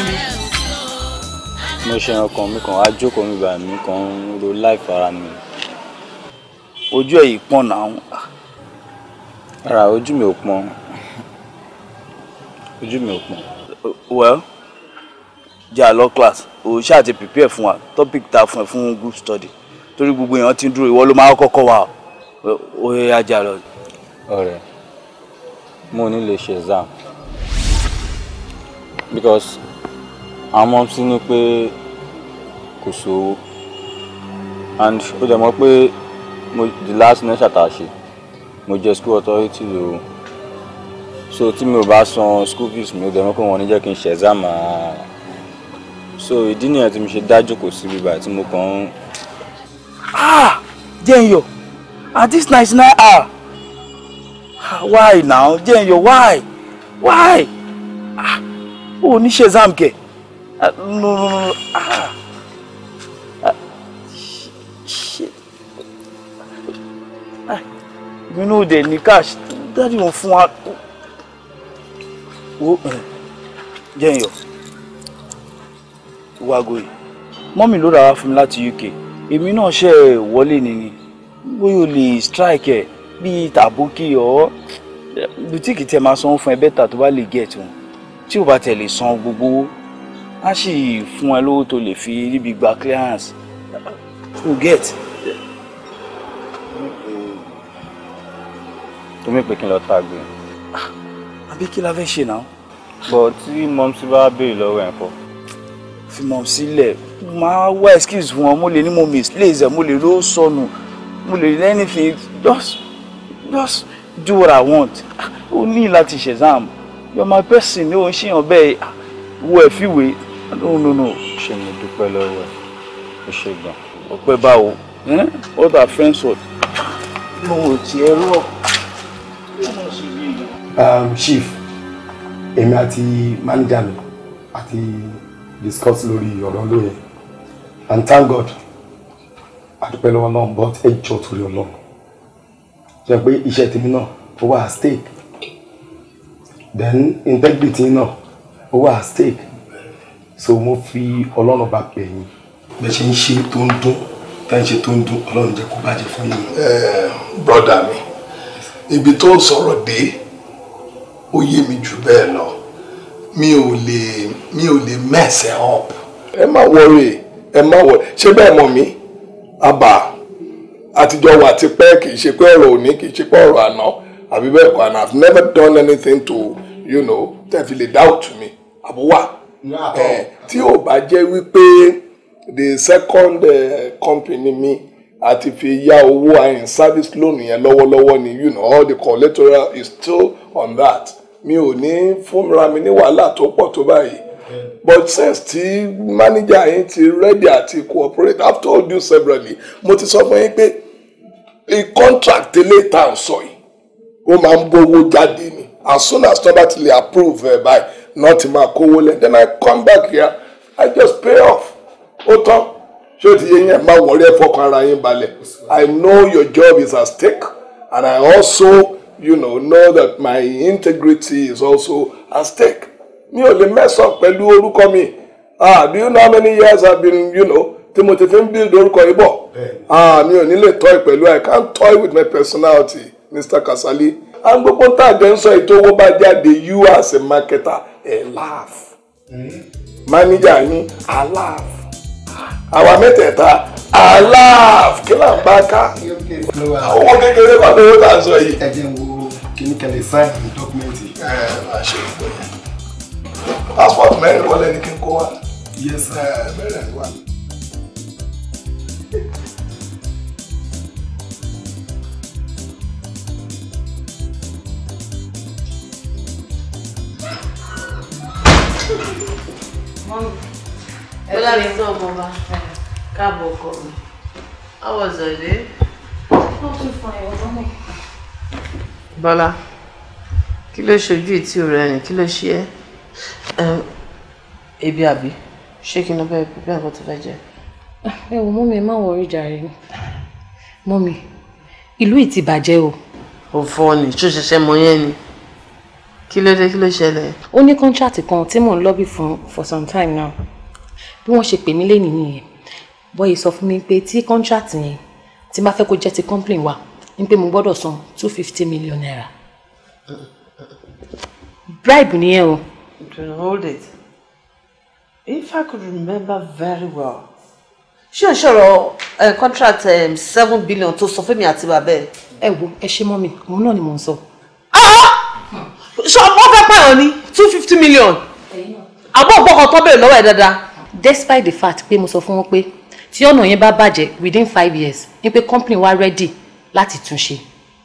ibi
mo ṣe ọkàn mi kàn wá mi bàmí kàn ń ro láìpẹ́ ara mi ojú ẹ̀ yìí náà ara ojú mi ò pọ̀n ojú mi ò pọ̀n. well jẹ́ àlọ́ class o ṣáà ti prepare fún wa topic ta fún ẹ fún group study torí gbogbo èèyàn ti ń dúró ìwọ ló máa kọ́kọ́ wà ó ajá lọ. ọ̀rẹ́ mo ní lè ṣe exam because àwọn ọmọ pé kò sówó and ó dẹ̀ mọ́ pé mo the last nurse àtàṣe mo jẹ́ school authority lò so tí mi ò bá san school fees mi ó dẹ̀ mọ́ pé wọ́n ní jẹ́ kí n ṣe exam so ìdí nìyẹn tí mo ṣe dájú kò síbi báyìí tí mo kàn ń. ah jẹ́nyọ̀ at this ninety nine hour ah, why now jẹ́nyọ̀ why why ah o ò ní ṣe exam kẹ̀. Uh, no, no, no. Ah. Uh, sh shit. Ah. You know the ní cash. Daddy wọ́n fún wa. Oh, jẹ́ yọ. Wago yìí. Mọ́mì ló rà wá fún mi láti UK. Èmi náà ṣe wọlé ni ni. Bóyá o strike ẹ̀ bíi tàbókì ọ̀ bùtíìkì tẹ̀ máa sanwó fún ẹ bẹ́tà tó bá lè gẹ̀ tó. Tí o bá tẹ̀ lè san á sì fún ẹ lówó tó lè fi ríbi gba clearance to get. tó mí pé kí n lọ tá a gbé. àbí kí la fẹ́ ṣe náà. bọ̀ tí mọ̀mísí bá béèrè lọ́wọ́ ẹ̀ fọ́. fi mọ̀mísí lẹ̀ máa wá excuse fún wọn mo lè ní mo misplace mo lè ló sọnù mo lè ní anything just just do what I want o ah, ní láti ṣe exam you're my person ní o ń ṣèyàn bẹ́ẹ̀ ah, wo ẹ̀ fìwé no no no ṣe mo dúpẹ́ lọ́wọ́ ẹ ṣe gan ọpẹ́ báwo what are friends with. mo ò tiẹ̀ rú ọ um, chief
èmi àti manager mi àti discuss lórí ọ̀rọ̀ lóye and thank God àdúpẹ́ lọ́wọ́ náà but ẹ jọ torí ọlọ́run ṣe pé iṣẹ́ tèmi náà ó wà at stake then integrity náà ó wà stake so mo fi ọlọ́run bá pè yín. bẹ́ẹ̀ ṣe ń ṣe tó ń dún tá ṣe tó ń dún ọlọ́run jẹ́ kó bàjẹ́ fún yín. brọ́dà mi ibi tó sọ̀rọ̀ dé ó yé mi jù bẹ́ẹ̀ lọ mi ò lè mi ò lè mess up. ẹ má wọrí ẹ má wọrí ṣé bẹ́ẹ̀ mọ̀ mí àbá àtijọ́ wà tipẹ́ kì í ṣe pé ọ̀rọ̀ òní kì í ṣe pé ọ̀rọ̀ àná àbí bẹ́ẹ̀ kọ́ and I have never done anything to you know tẹ́ fi lè doubt me àbúwà tí ò bá jẹ́ wípé the second uh, company mi àti fi yá owó iron service loan yẹn lọ́wọ́lọ́wọ́ ni you know all the collateral is still on that mi ò ní fúnra mi ní wàhálà tó pọ̀ tó báyìí but since tí manager yín ti ready àti cooperate after all due severally mo ti sọ fún yín pé the contract tẹ́lẹ̀ tá à ń sọ yìí ó máa ń bówó jáde ni as soon as tó bá ti lè approve ẹ̀ báyìí Not my máa kówó then i come back here i just pay off Oto show the o ti yẹ for má wọrí Bale. i know your job is at stake and i also you know know that my integrity is also at stake mi ò lè mẹ́sàn pẹ̀lú orúkọ mi ah do you know how many years I've been you know tí mo ti fi ń build orúkọ yìí ah mi ò ní lè toy pẹ̀lú i can't toy with my personality mr kasali and gbogbo tá a jẹ ń sọ ètò owó bá jáde you as a marketer ẹ laugh manager ní a laugh àwa mẹ́tẹ̀ẹ̀ta a laugh kí là ń bá ká owó kékeré bá lówó tá à sọ yìí. ẹ jẹ́ n wo kíní kẹlẹ̀ sáìnì dọ́kúmẹ́ntì. ẹ ẹ máa ṣe ìgbọ̀nyẹn passport mẹ́rin wọlé ni kí n kó wa. yes sir. ẹ bẹ́ẹ̀
Mọ́mí. Ẹ bá mi sọ ọmọ bá. Káàbọ̀ ọkọ mi. How was your day? Not too fine, ọ̀dọ́ mi. Bọ́lá, kí ló ṣojú ìtì rẹ ni? Kí ló ṣe ẹ́? Ebi àbí? Ṣé kí n lọ bẹ́ẹ̀ pípẹ́ nǹkan tó fẹ́ jẹ?
Ẹ wò mọ́mí ẹ má wọrí jàre ni. Mọ́mí, ìlú ìtì bàjẹ́ o. Òfò ni, ṣó ṣẹ̀ṣẹ̀ mọ kí ló dé kí ló ṣẹlẹ̀. ó ní kọ́ńtrátì kan tí mò ń lọ́bì fún for some time now bí wọ́n ṣe pè mí lé nìyẹn bọ́yì sọ fún mi pé tí kọ́ńtrátì yẹn tí má fẹ́ kó jẹ́ ti company wa ni pé mo gbọ́dọ̀ san two fifty million naira.
bribe nìyẹn o. hold it if I could remember very well ṣé o ṣọ̀rọ̀ eh, contract eh, seven billion tó sọ fún mi àti bàbá ẹ̀. ẹ wo ẹ ṣe mọ́ mi òun náà ni mò ń sọ. So wọ́n
fẹ́ pààyàn ní two fifty million àbọ̀ gbọ́kàn tó bẹ̀rẹ̀ lọ́wọ́ ẹ̀ dáadáa. despite the fact pé mo sọ fún wọn pé tí ọ̀nà yẹn bá bàjẹ́ within five years ni pé company wa ready láti túnṣe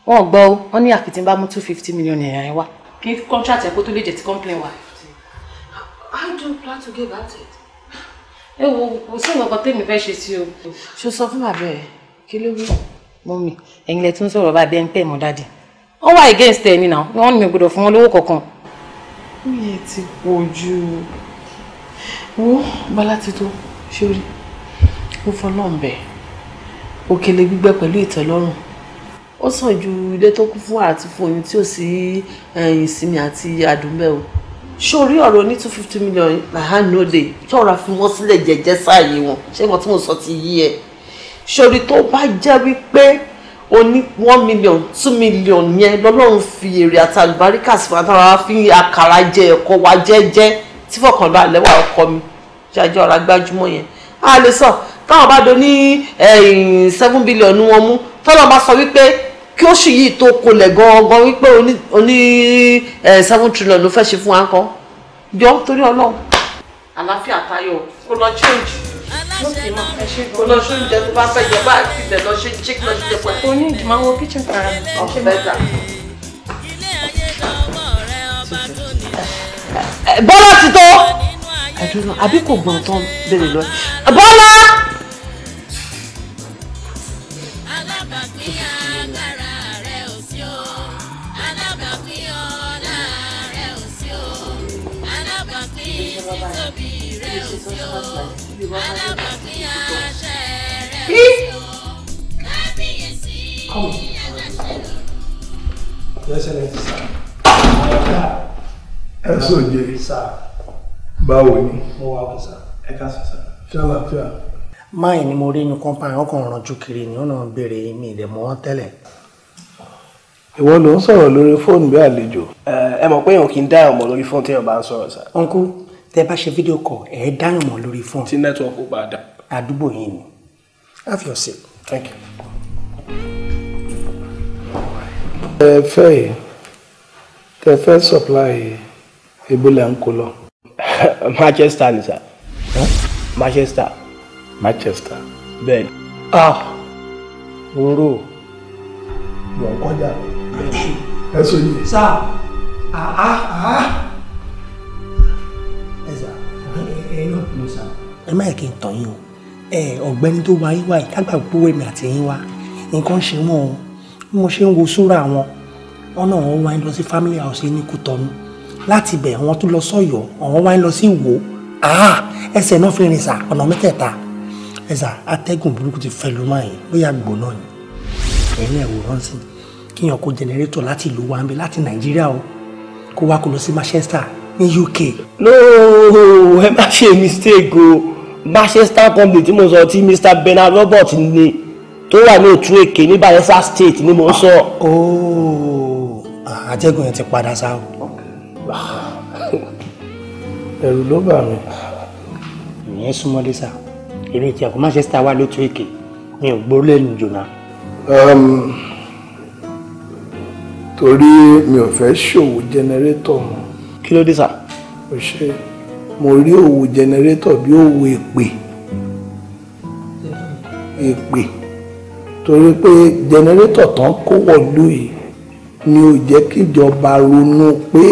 wọn gbọ́ ọ wọn ní àfi tí n bá mú two fifty million naira yẹn wá. kí contract ẹ̀kọ́ tó lè jẹ́ ti company wa.
I don't plan to give out it.
ẹ wo kò sí nǹkan kan tèmi fẹ́ ṣe sí o. ṣo sọ fún bàbá ẹ kí ló rí mọ́mì ẹ̀yin lẹ tún sọ̀rọ̀ bá bẹ́ẹ̀ ń pẹ́ mọ́ dáadé ó wà against ẹ nínà wọn ní mi gbọ́dọ̀ fún wọn lówó kankan.
oyè ti pọ̀ jù wo bala ti tó sórí ó fọlọ́ ń bẹ̀ òkèlè gbígbẹ pẹ̀lú ìtẹ́lọ́rùn ó sàn ju ilé tó kún fún àti fún oyún tí ò sí ìsinmi àti àdúgbẹ́ o sórí ọ̀rọ̀ ní two fifty million lahanode tọ́ra fi wọ́n sílẹ̀ jẹ́jẹ́ sáàyè wọn ṣé nǹkan tí mo sọ ti yí ẹ sórí tó bá jẹ́ wípé o one million two million yẹn lọ́lọ́run fi èrè àtàlùbáríkà sí fún àtàwọn fi àkàrà jẹ ẹ̀kọ́ wa jẹ́jẹ́ tí fọkànbalẹ̀ wà ọkọ mi ṣáájú ọ̀rá gbájúmọ̀ yẹn a lè sọ táwọn bá do ní seven billion ní wọn mú tọ́lọ́ bá sọ wípé kí oṣù yìí tó kolẹ̀ gangan wípé oní seven trillion ló fẹ́ ṣe fún wa kan jọ torí ọlọ́run àlàáfíà tayọ kó lọ change lókè mọ ẹ ṣe kò lọ sí oúnjẹ tó bá fẹ́ jẹ bá àti ìtẹ lọ ṣe jík lọ sí jẹ pẹ. o
ní ìdìmọ̀ wo kitchen kara mi. ọ̀fẹ́ bẹ́tà.
bọ́lá ti tó.
àdúrà àbí kò gbọ̀n tán bèrè lọ.
bọ́lá.
Come.
Yes, Excellency, sir. Ẹ sọ jẹ. Sir. Báwo ni? Mo wá sir. Ẹ sir. Ṣé àlàáfíà? Máyì ni mo rí inú kọ́ńpáì ọkàn ọ̀rànjú kiri ni ó náà ń béèrè mi ìdẹ̀ mọ́
tẹ́lẹ̀. Ìwọ ló ń sọ̀rọ̀ lórí fóònù bí àlejò. Ẹ mọ̀ pé èèyàn kì í dá ọmọ lórí fóònù téèyàn bá ń sọ̀rọ̀ sir.
Uncle tẹ bá ṣe fídíò kọ ẹ dáhùn mọ́ lórí fún. tí
nẹ́tíwọ́ọ̀kì bá dà. àdúgbò yìí ni
have your seat thank you.
ẹ fẹ́ yìí tẹ fẹ́ supply
ebola ń kó lọ. Manchester ni sir
Manchester. Manchester.
bẹ́ẹ̀ni. ah wúrò
mọ̀ ń kọjá ẹ sọ yìí. sá àá àá ẹ̀yin náà kùn sá. ẹ má yẹ kí n tàn yín o ẹ ọ̀gbẹ́ni tó wáyé wáyé kágbà gbówó èmi àti yín wá nǹkan ṣe wọn o bí mo ṣe ń wo súra wọn wọn náà wọn wáyé lọ sí family house ní Kútọ̀nù láti bẹ̀ wọn tún lọ sọ́yọ́ àwọn wáyé lọ sí Ìwó ẹsẹ̀ náà fi rìn sá ọ̀nà mẹ́tẹ̀ẹ̀ta ẹ̀sà atẹ́gùn burúkú ti fẹ́ ló máa yìí bóyá gbóná ni ẹ̀yin ẹ̀wò rántí kíyàn kó jẹnẹrétọ̀ láti ìlú wa ń bẹ láti Nàìjíríà o kó wá kó lọ sí Manchester ní UK.
no ẹ má ṣe mistake o Manchester company tí mo sọ tí Mr Bernard Robert ni tó wà ní òtún èké ní Bayelsa
State ni mo sọ. Ah, ooo oh, àjẹgùn yẹn ti padà sá o. ẹ̀rù ló bà mí. ìyẹn súnmọ́lé sá èmi ti àkó Manchester wà lótú èké mi ò gbóró lẹ́nu jòna. Um, torí mi ò fẹ́ ṣòwò jẹnẹrétọ̀ mọ́ kí ló dé sà. o ṣe
mo rí òwò jẹnẹrétọ̀ bí òwò èpè èpè torí pé jẹnẹrétọ̀ tán kó wọ̀lú yìí ni ò jẹ́ kíjọba ronú pé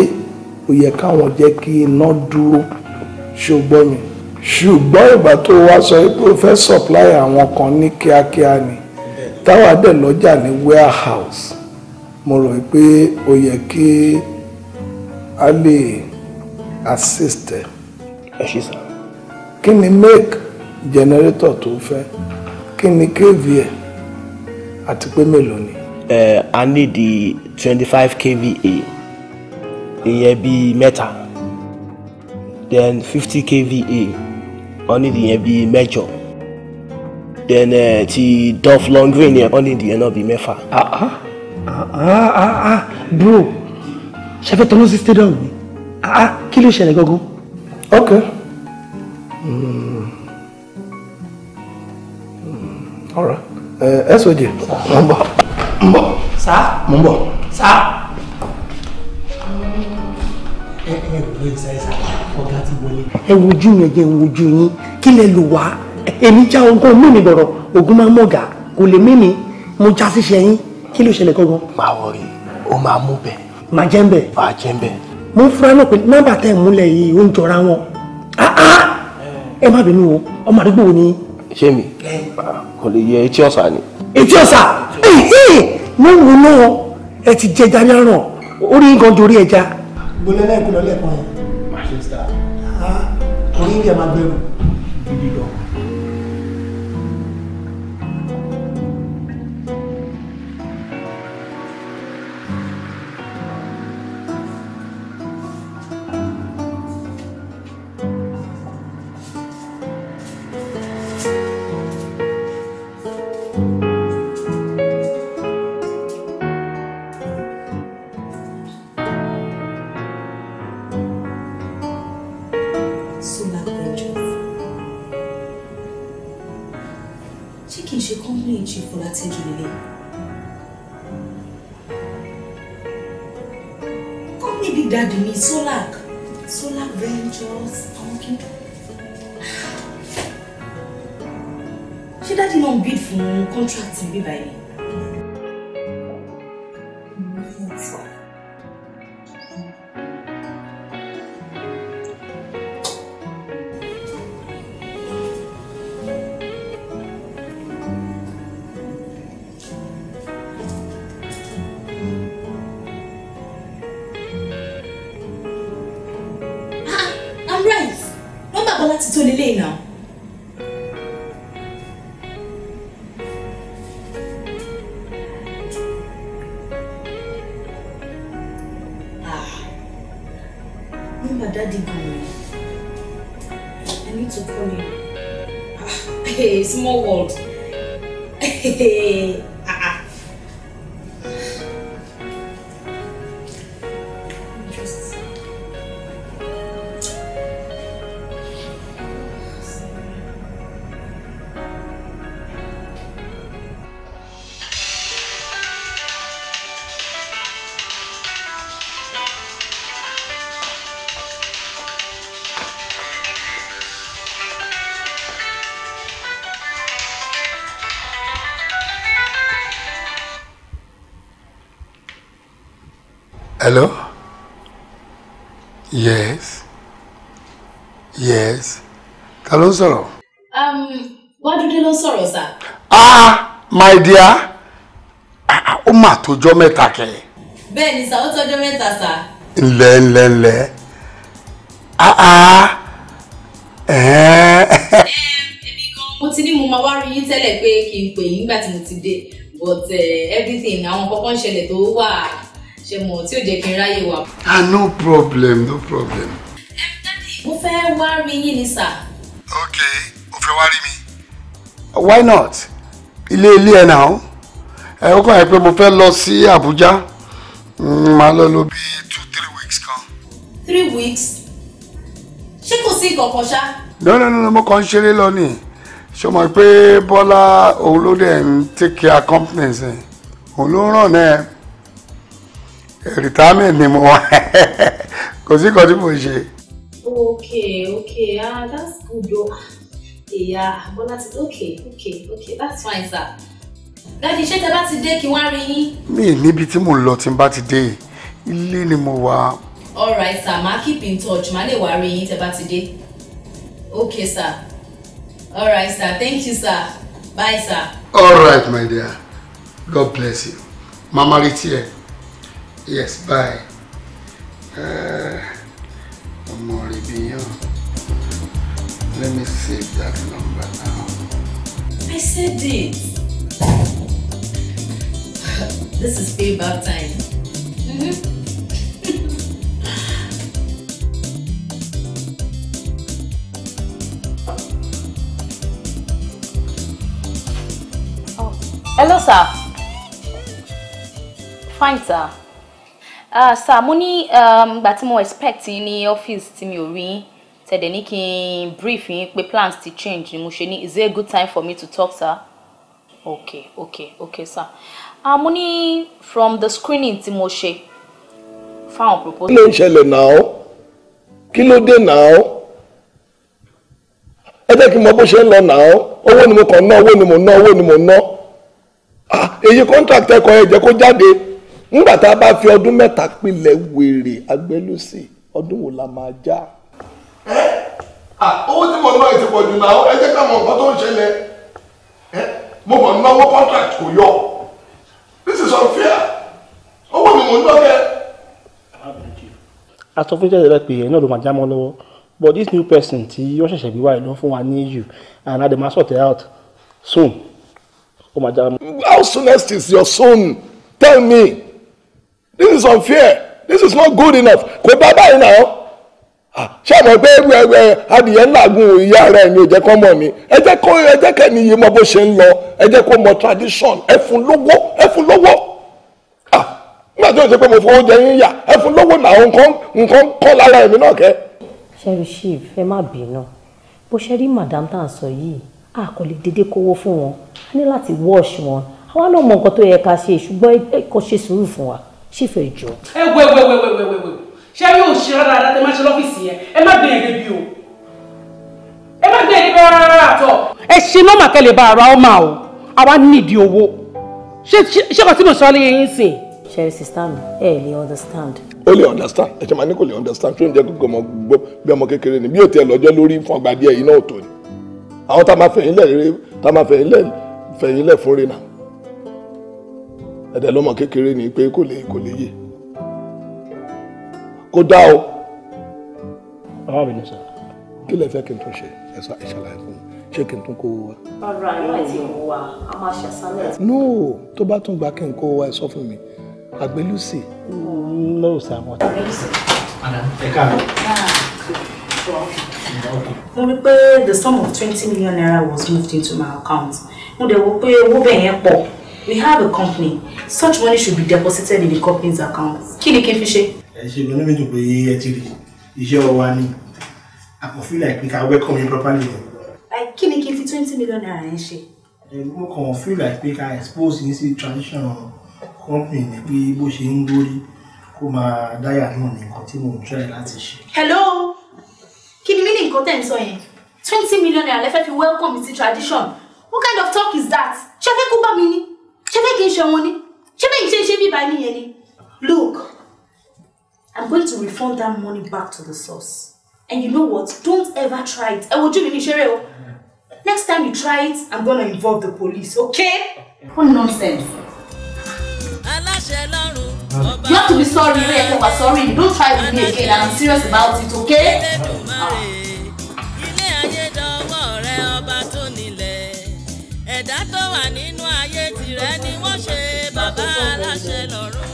ó yẹ káwọn jẹ́ kí iná dúró ṣùgbọ́n mi ṣùgbọ́n ìgbà tó wá sọ pé ó fẹ́ supply àwọn kan ní kíákíá ni táwa dẹ̀ lọ́jà ní warehouse mo rò pé ó yẹ kí a lè assist ẹ. ẹ ṣe sá. kí ni make generator tó fẹ́ kí ni KVA ẹ àti pé mélòó
ni. ẹ a ní di twenty five kva ìyẹn bíi mẹ́ta then fifty kva wọ́n ní ìyẹn bíi mẹ́jọ then uh, ti Dolph Lundgren yẹn wọ́n ní ìyẹn náà bíi mẹ́fà.
ah ah ah ah, ah bro ṣe fẹ́ tọ́nú sí stadium ni ah, ah, kí ló ṣẹlẹ̀ gangan. ok ọ̀rọ̀
ẹ soj mo ń bọ̀
mo ń bọ̀ mo ń bọ̀. ẹ wojú yẹn jẹ́ wojú yín kí lẹ lò wá èmi já ogún mímì bọ̀rọ̀ ogún máa ń mọ̀gà kò lè mímì mo já síṣẹ́ yín kí ló ṣẹlẹ̀ gangan. máa wọrí o máa mú bẹ́ẹ̀ màá jẹ́ ń bẹ̀. wàá jẹ́ ń bẹ̀. mo ń fura náà pé nọ́mbà tẹ̀ ń múlẹ̀ yìí ó ń jọra wọn ah, ah! ẹ má bínú o ọmọ àdúgbò wo ni.
ṣé mi kò lè yẹ etí ọ̀sà ni. etí ọ̀sà
mo ń wo náà ẹ ti jẹ ẹja yàrán orí nǹkan dorí ẹja. gbọ́dọ̀ lẹ́kùn lọ́lẹ́kùn yẹn. torí ilé ẹ̀ máa gbẹ̀rù.
dáàdì mi Solac Solac Ventures àwọn kí n tó. ṣé dáàdì náà bid fún contract mi báyìí.
Hello? Yes. Yes. Hello, ló ń sọ̀rọ̀?
Um, Wádúdé ló ń sọ̀rọ̀ sá. Ah,
my dear, ó mà tójọ́ mẹ́ta kẹ̀.
Bẹ́ẹ̀ni sá, ó tọ́jọ́ mẹ́ta sá.
Ǹlẹ́ ǹlẹ́ ǹlẹ́.
Ah ah. Ẹ̀ẹ́n.
Um, èmi but uh, everything àwọn kọ̀ọ̀kan ṣẹlẹ̀ tó ṣe mọ̀ tí ò jẹ́ kí n ráyè wà.
ah no problem no problem.
mo fẹ́ wá rí yín ni sà. ok o
fẹ́ wá rí mi. why not ilé ilé ẹ̀ náà ẹ̀ ó kọ́ ẹ pé mo fẹ́ lọ sí mm, Àbújá máa lọ lọ bí two three
weeks kan. three weeks ṣé kò sí ìkọ̀kọ̀ ṣá.
no no no mo kàn ń ṣeré lọ ni ṣe mọ̀ pé Bọ́lá òun ló dẹ̀ ń take care of companies òun ló ń ràn náà retirement ni mo wà kò sí kan tí mo ṣe.
okay okay ah that's good o ìyá bọ́lá ti okay okay okay that's fine sir. dáàdi ṣé tẹ bá ti dé kí wọ́n á rí yín.
mi níbi tí mò ń lọ tí n bá ti dé ilé ni mo wà.
alright sir Ma, keep in touch Ma, lè wá rí yín tẹ bá ti dé. okay sir alright sir thank you sir bye sir.
alright my dear god bless you mama retire. yes bye ọmọ uh, let me save that number now.
I said this. This is payback time. Mm -hmm. Hello, sir. Fine, sir. Ah, sir mo ní um, ìgbà tí mo expect yín ní ọ́fíìsì tí mi ò rí yín tẹ̀dẹ̀ ní kí n brief yín pé plans ti change mo ṣe ní is it a good time for me to talk sir? okay okay okay sir. Ah, mo ní from the screening tí mo ṣe fáwọn proposal. kí ló ń ṣẹlẹ̀
náà kí ló dé náà ẹ jẹ́ kí n mọ bó ṣe ń lọ náà owó ni mo kàn ná owó ni mo ná owó ni mo ná ah, èyí contract ẹ̀kọ́ ẹ jẹ́ kó jáde nígbà tá a bá fi ọdún mẹ́ta pilẹ̀ wèrè agbẹ́lùsì ọdún wo la máa já. owó tí mo ná ìtìpọ̀ jù náà ẹ jẹ́ ká mọ nǹkan tó ń ṣẹlẹ̀ mo kàn náwó contract kò yọ this is unfair owó mi mo ná kẹ́.
a sọ fún jẹ́jẹ́rẹ́ náà ló máa já mọ́ lọ́wọ́ but this new person tí yóò ṣẹ̀ṣẹ̀ bí wáyé ló fún wa ní issue and a dẹ̀ máa sort it out soon ó máa já is your soon
tell me this is unfair this is not good enough kò bá báyìí náà ah, ṣé mọ̀ pé adìyẹ ńlágun ìyá rẹ̀ ni ò jẹ́ kó mọ̀ ni ẹ jẹ́ kó ẹ jẹ́ kẹ́ni yìí mọ bó ṣe ń lọ ẹ jẹ́ kó mọ tradition ẹ fún lówó ẹ fún lówó ah, nígbà tó ń ṣe pé mo fowó jẹ yín yà ẹ fún lówó náà nǹkan nǹkan kọ́ lára ẹ̀mí náà kẹ́.
sẹ́rí chief ẹ má bínú bó ṣe rí madam tá à ń sọ yìí a kò lè dédé kówó fún wọn a ní láti wash wọn àwa náà mọ nǹkan tó yẹ ká ṣe ṣùgbọ́n ẹ kò ṣe sùúrù fún wa ṣèfẹ́ ìjọ.
ẹ wẹ wẹ wẹ wẹ wẹ wẹ ṣé yóò ṣe rárá rárá tẹ má ṣe lọ́fíìsì yẹn ẹ má gbé yẹn débi o ẹ má gbé yẹn débi rárá rárá àtọ. ẹ ṣe nọ́mà kẹlẹ̀ bá ara ọmọ o àwa nídìí owó ṣé ṣé kò tí
mo sọ lẹ́yìn yín sìn. ṣe sista mi ẹ lè understand.
ó lè understand ẹ ṣe máa ní kò lè understand ṣé oúnjẹ gbogbo ọmọ gbogbo bí ọmọ kékeré ni bí ò tiẹ̀ lọ́jọ́ lórí fún ọgbà díẹ̀ yìí náà ò tó ni àwọn tá a máa fẹ̀yìn lẹ̀ fẹ̀yìn lẹ̀ fún rẹ̀ náà ẹ̀dẹ̀ lọ́mọ kékeré ni pé kò lè kò lè yè kó dá o. bàbá mi ní sọ. kí lẹ fẹ́ kí n tún ṣe ẹ sọ ìṣàlàyé fún mi ṣé kí n tún kó wa.
ọ̀rọ̀ àná ti wù wá a máa ṣàṣálẹ̀.
no tó bá tún gba kí n kó
wa ẹ sọ fún mi àgbélùsì. Mm, no sir mo ti. ẹ káàárọ̀. Ah. mo rí i pé the sum of twenty million
naira
was moved into my account mo dẹ̀ wo pé owó bẹ́ẹ̀ yẹn pọ̀. We have a company. Such money should be deposited in the company's account. Kí ni kí n fi ṣe?
Ẹ ṣe I can feel like we can welcome you properly.
Kí ni kí n fi twenty million naira yẹn ṣe?
Mo kàn feel like pé ká expose this traditional company ni pé bó ṣe ń gbórí kó máa dáyà náà ní nǹkan tí try láti ṣe.
Hello! Kí ni mí ní nǹkan tẹ̀ ń twenty million naira lẹ fẹ́ fi welcome this tradition what kind of talk is that ṣé fẹ́ kú bá mi ni ṣé fẹ́ kí n ṣe wọn ni ṣé bẹ́ẹ̀ ṣe ṣe bí ba nìyẹn ni look i'm going to refund that money back to the source and you know what don't ever try it ẹ wojú mi ní ṣeré o next time you try it i'm gonna involve the police okay what nonsense. you have to be sorry you know you sorry you don't try with me again and i'm serious about it okay. Ah.
ẹ̀dá tó wà ní rẹ ni wọ́n ṣe bàbá aláṣẹ lọ́rùn.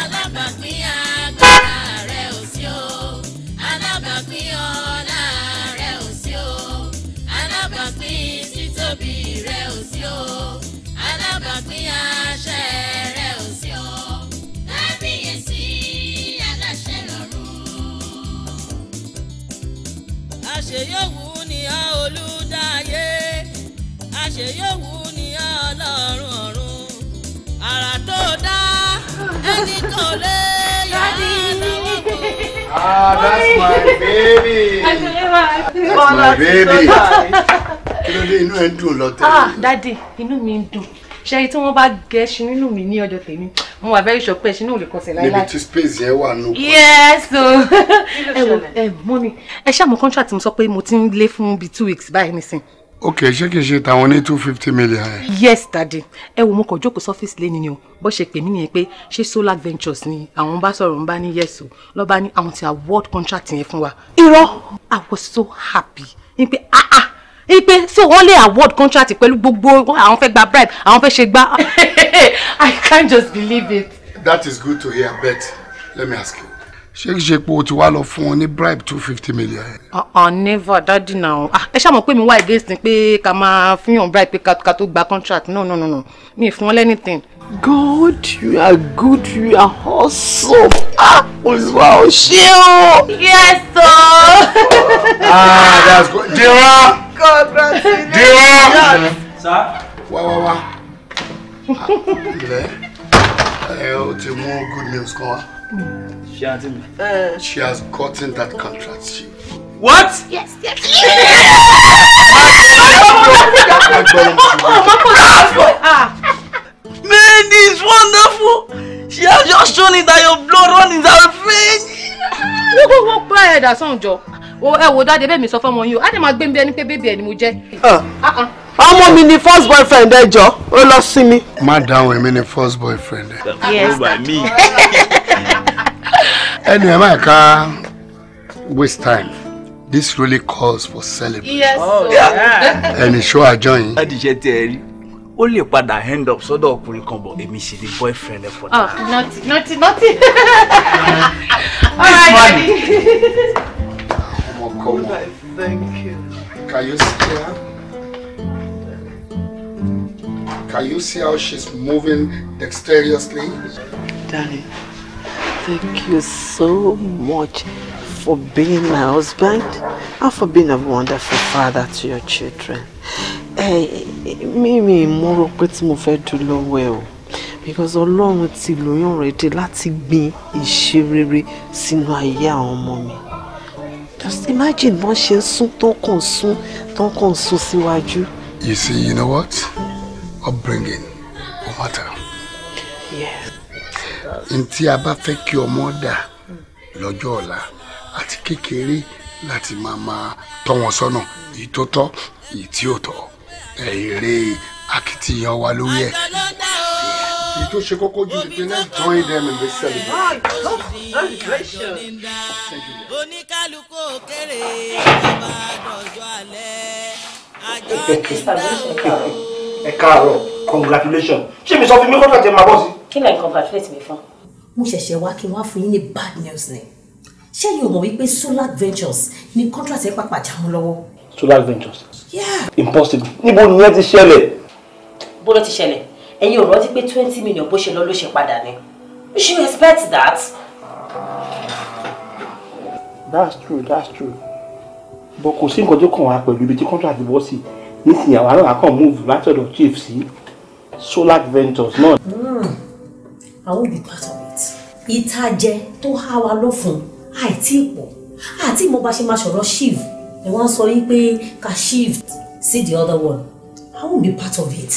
alábàápín agbára rẹ ò sí o alábàápín ọlá rẹ ò sí o alábàápín títóbi rẹ ò sí o alábàápín àṣẹ. ṣe yóò wù ní ọlọ́run ọ̀run àrà tó dá
ẹni tó lé yàrá lọ́wọ́ kò. ah
that's my baby that's my baby kí ló dé inú ẹ ń dùn lọ ah
dadi inú mi ń dùn ṣe tí wọ́n bá gẹ ṣi nínú mi ní ọjọ́ tèmi mo wà very sure pé ṣi náà ò lè kọsẹ̀ láíláí. níbi
tí space yẹn wà nù.
yes o ẹ wò ẹ mọ́ni ẹ ṣàmù contract mo sọ pé mo ti ń lé fún bíi two weeks báyìí nísìnyí
Okay, ṣé kìí ṣe tàwọn ní two fifty million
yes daddy ẹ wò mo kàn jókòó sọ́fíìsì lẹ́ni ni o bó ṣe pè mí nìyẹn pé ṣé solar ventures ni àwọn bá sọ̀rọ̀ ń bá ní yes o lọ́ọ́ bá ní àwọn ti award contract yẹn fún wa. irọ́ i was so happy ni pé ah ah ni pé so wọ́n lè award contract pẹ̀lú gbogbo àwọn fẹ́ gba bribe àwọn fẹ́ ṣe gbá. i can't just believe it.
that is good to hear bet let me ask you ṣé kìí ṣe pé o ti wá lọ fún ọ ní bribe two fifty million.
ọ̀hún ah, ah, never daddy na ah, ẹ ṣàmọ̀ pé mi wá against ni pé ká máa fihàn bribe pé ká tó gba contract no no no no mi fún ọ lẹ́nìtìn.
God you are good you are awesome ah Olúwa o ṣé o.
yes sir.
ah that's
good Dira. congratulations. Dira. sir.
wá wá wá. ẹ o ti mú good news kan wá. She has me. Uh, she has gotten that contract. She...
What? Yes, yes.
Man, this is wonderful. She has just shown it that your blood runs
in her veins. Wọ́n kó wọ́n pa ẹ̀dà sàn jọ. Ẹ wo dáadé bẹ́ẹ̀ mi sọ fọ́mọ yín o. Á dẹ̀ máa gbé mi bí ẹni pé bébì ẹ̀ ni mo jẹ́. Ah.
Ah, ah. Ọmọ mi ni first boyfriend ẹ jọ, ó
lọ sí mi. Má dáhùn èmi ni first boyfriend ẹ. Yes. Anyway, my car waste time. This really calls for
celebration.
Yes, oh, yeah.
Ẹni ṣó I join? ṣe tí ẹ rí, ó lè padà end up sọ́dọ̀ ọkùnrin kan bọ̀, èmi sì ni boyfriend ẹ for
now. Oh, naughty, naughty, naughty.
All right, daddy.
Ọmọ Thank you. Can you see her? Can you see how she's moving dexterously?
Darling thank you so much for being my husband and for being a wonderful father to your children. Mimi, eh, mo rò pé tí mo fẹ́ dùn lọ́wọ́ ẹ because Ọlọ́run ti lóyún rẹ̀dí láti gbin ìṣerere sínú ayé àwọn ọmọ mi. Just imagine wọ́n ṣe sún tó kàn sún tó kàn sún síwájú. You see, you know what? Upbringing
no matter ntí a bá fẹ́ kí ọmọ dà lọ́jọ́ ọ̀la àti kékeré láti máa máa tọ́ wọn sọ́nà èyí tó tọ́ èyí tí ò tọ́ èrè akitiyan wa lórí ẹ̀. èyí tó ṣe kókó jù pé let's join them in this
celebration.
oníkálukú kéré
bàbá àdọ̀jọ́ alẹ́ àjọ àdìsá o. ẹ káàárọ̀ congratulations
ṣé mi sọ fún mi kọ́ńtà tẹ máa bọ́ sí i kí lẹ́yìn congratulate mi fún. mo ṣẹ̀ṣẹ̀ wá kí n wá fún yín ní bad news ni ṣé yóò mọ̀ wípé solar ventures ni contract yẹn pàpà já wọn lọ́wọ́.
solar ventures. yeah. impossible níbo ni yẹn ti ṣẹlẹ̀.
bó ló ti ṣẹlẹ̀ ẹ̀yin ò rántí pé twenty million bó ṣe lọ ló ṣe padà ni you should expect that.
that's true that's true But kò sí nǹkan tó kàn wá pẹ̀lú ibi tí contract wọ́ sí nísìnyàwó àwọn àkàn move látọ̀dọ̀ chief sí solar ventures náà.
Mm. I won't be part of it. ìtajẹ tó há wa ti àìtí ìpọ̀ ti ìmọ̀ bá ṣe máa ṣọ̀rọ̀ shiv ni wọ́n sọ yí pé ká shift sí the other one I won't be part of it.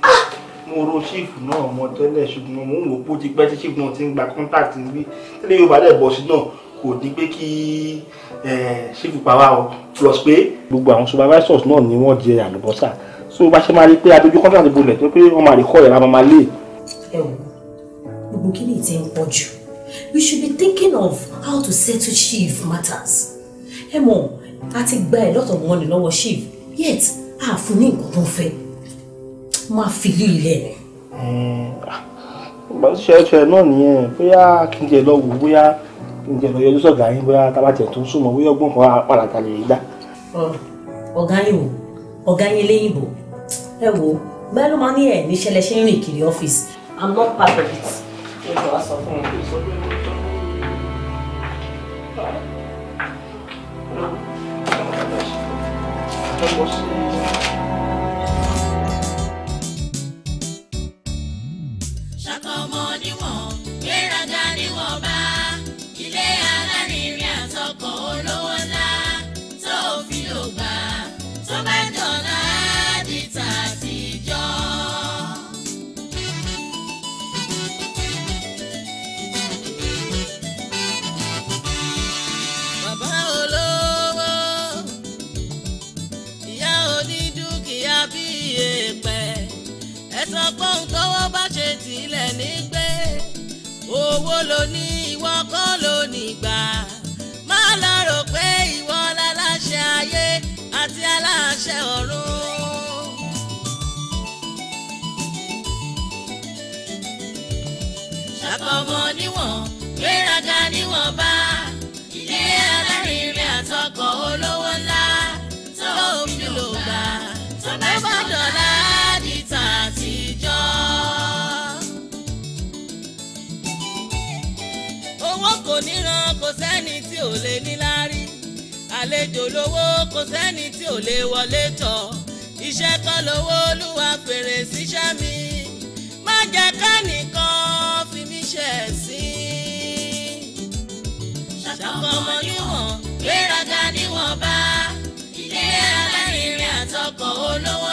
Ah!
mo ro shift náà mọ tẹ́lẹ̀ ṣùgbọ́n mo ń wò ó ti pẹ́ tí shiv náà ti ń gba contact níbí tẹ́lẹ̀ yóò bá dẹ̀ bọ̀ sí náà kò ní pé kí shiv pa wá o plus pé gbogbo àwọn supervisors náà ni wọ́n jẹ àlùbọ́sà so bá ṣe máa rí pé adójú contact bolẹ̀ tó pé wọ́n máa rí kọ́ ẹ̀ ra máa
gbogbo ti ń pọ̀ jù you should be thinking of how to settle chief matters ẹ mọ̀ a ti gba ẹ̀ lot of money lọ́wọ́ chief yet a fún ní nǹkan tó ń fẹ́ máa fi lé ilé
rẹ̀. ìgbà tó ṣe ẹ̀ṣọ́ ẹ̀ náà nìyẹn bóyá kí n jẹ lọ wò bóyá kí n jẹ lọ yọjú sọ̀gá yín bóyá tá a bá tẹ̀ tó ń sùn mọ́ bóyá ọgbọ́n kan padà tà lè rí dá.
ọ̀gá yín wò ọ̀gá yín lẹ́yìn bò ẹ wò bẹ́ẹ̀ ló máa ní ẹ̀ níṣẹ́ lẹ ṣe ń rìn kiri ọ́fíìsì I'm not part of it tó jọ wá sọ fún wọn.
Thank you. ló ní ìwọ kọ́ ni nígbà má lọ rò pé ìwọ láláṣẹ ayé àti aláṣẹ ọ̀run. ṣàkọmọ níwọ̀n gbéraga níwọ̀n bá ilé alárinrin àtọkọ̀ olóògbé. ò lè níláárí àlejò lówó kò sẹ́ni tí ò lè wọlé tọ̀ iṣẹ́ kọ́ lówó olúwa fèrè síṣẹ́ mi má jẹ́ kẹ́nìkan fi mí ṣe ẹ̀sín. ṣàkọmọ níwọ̀n gbéraga níwọ̀n bá ilé alárinrin àtọkọ̀ olówó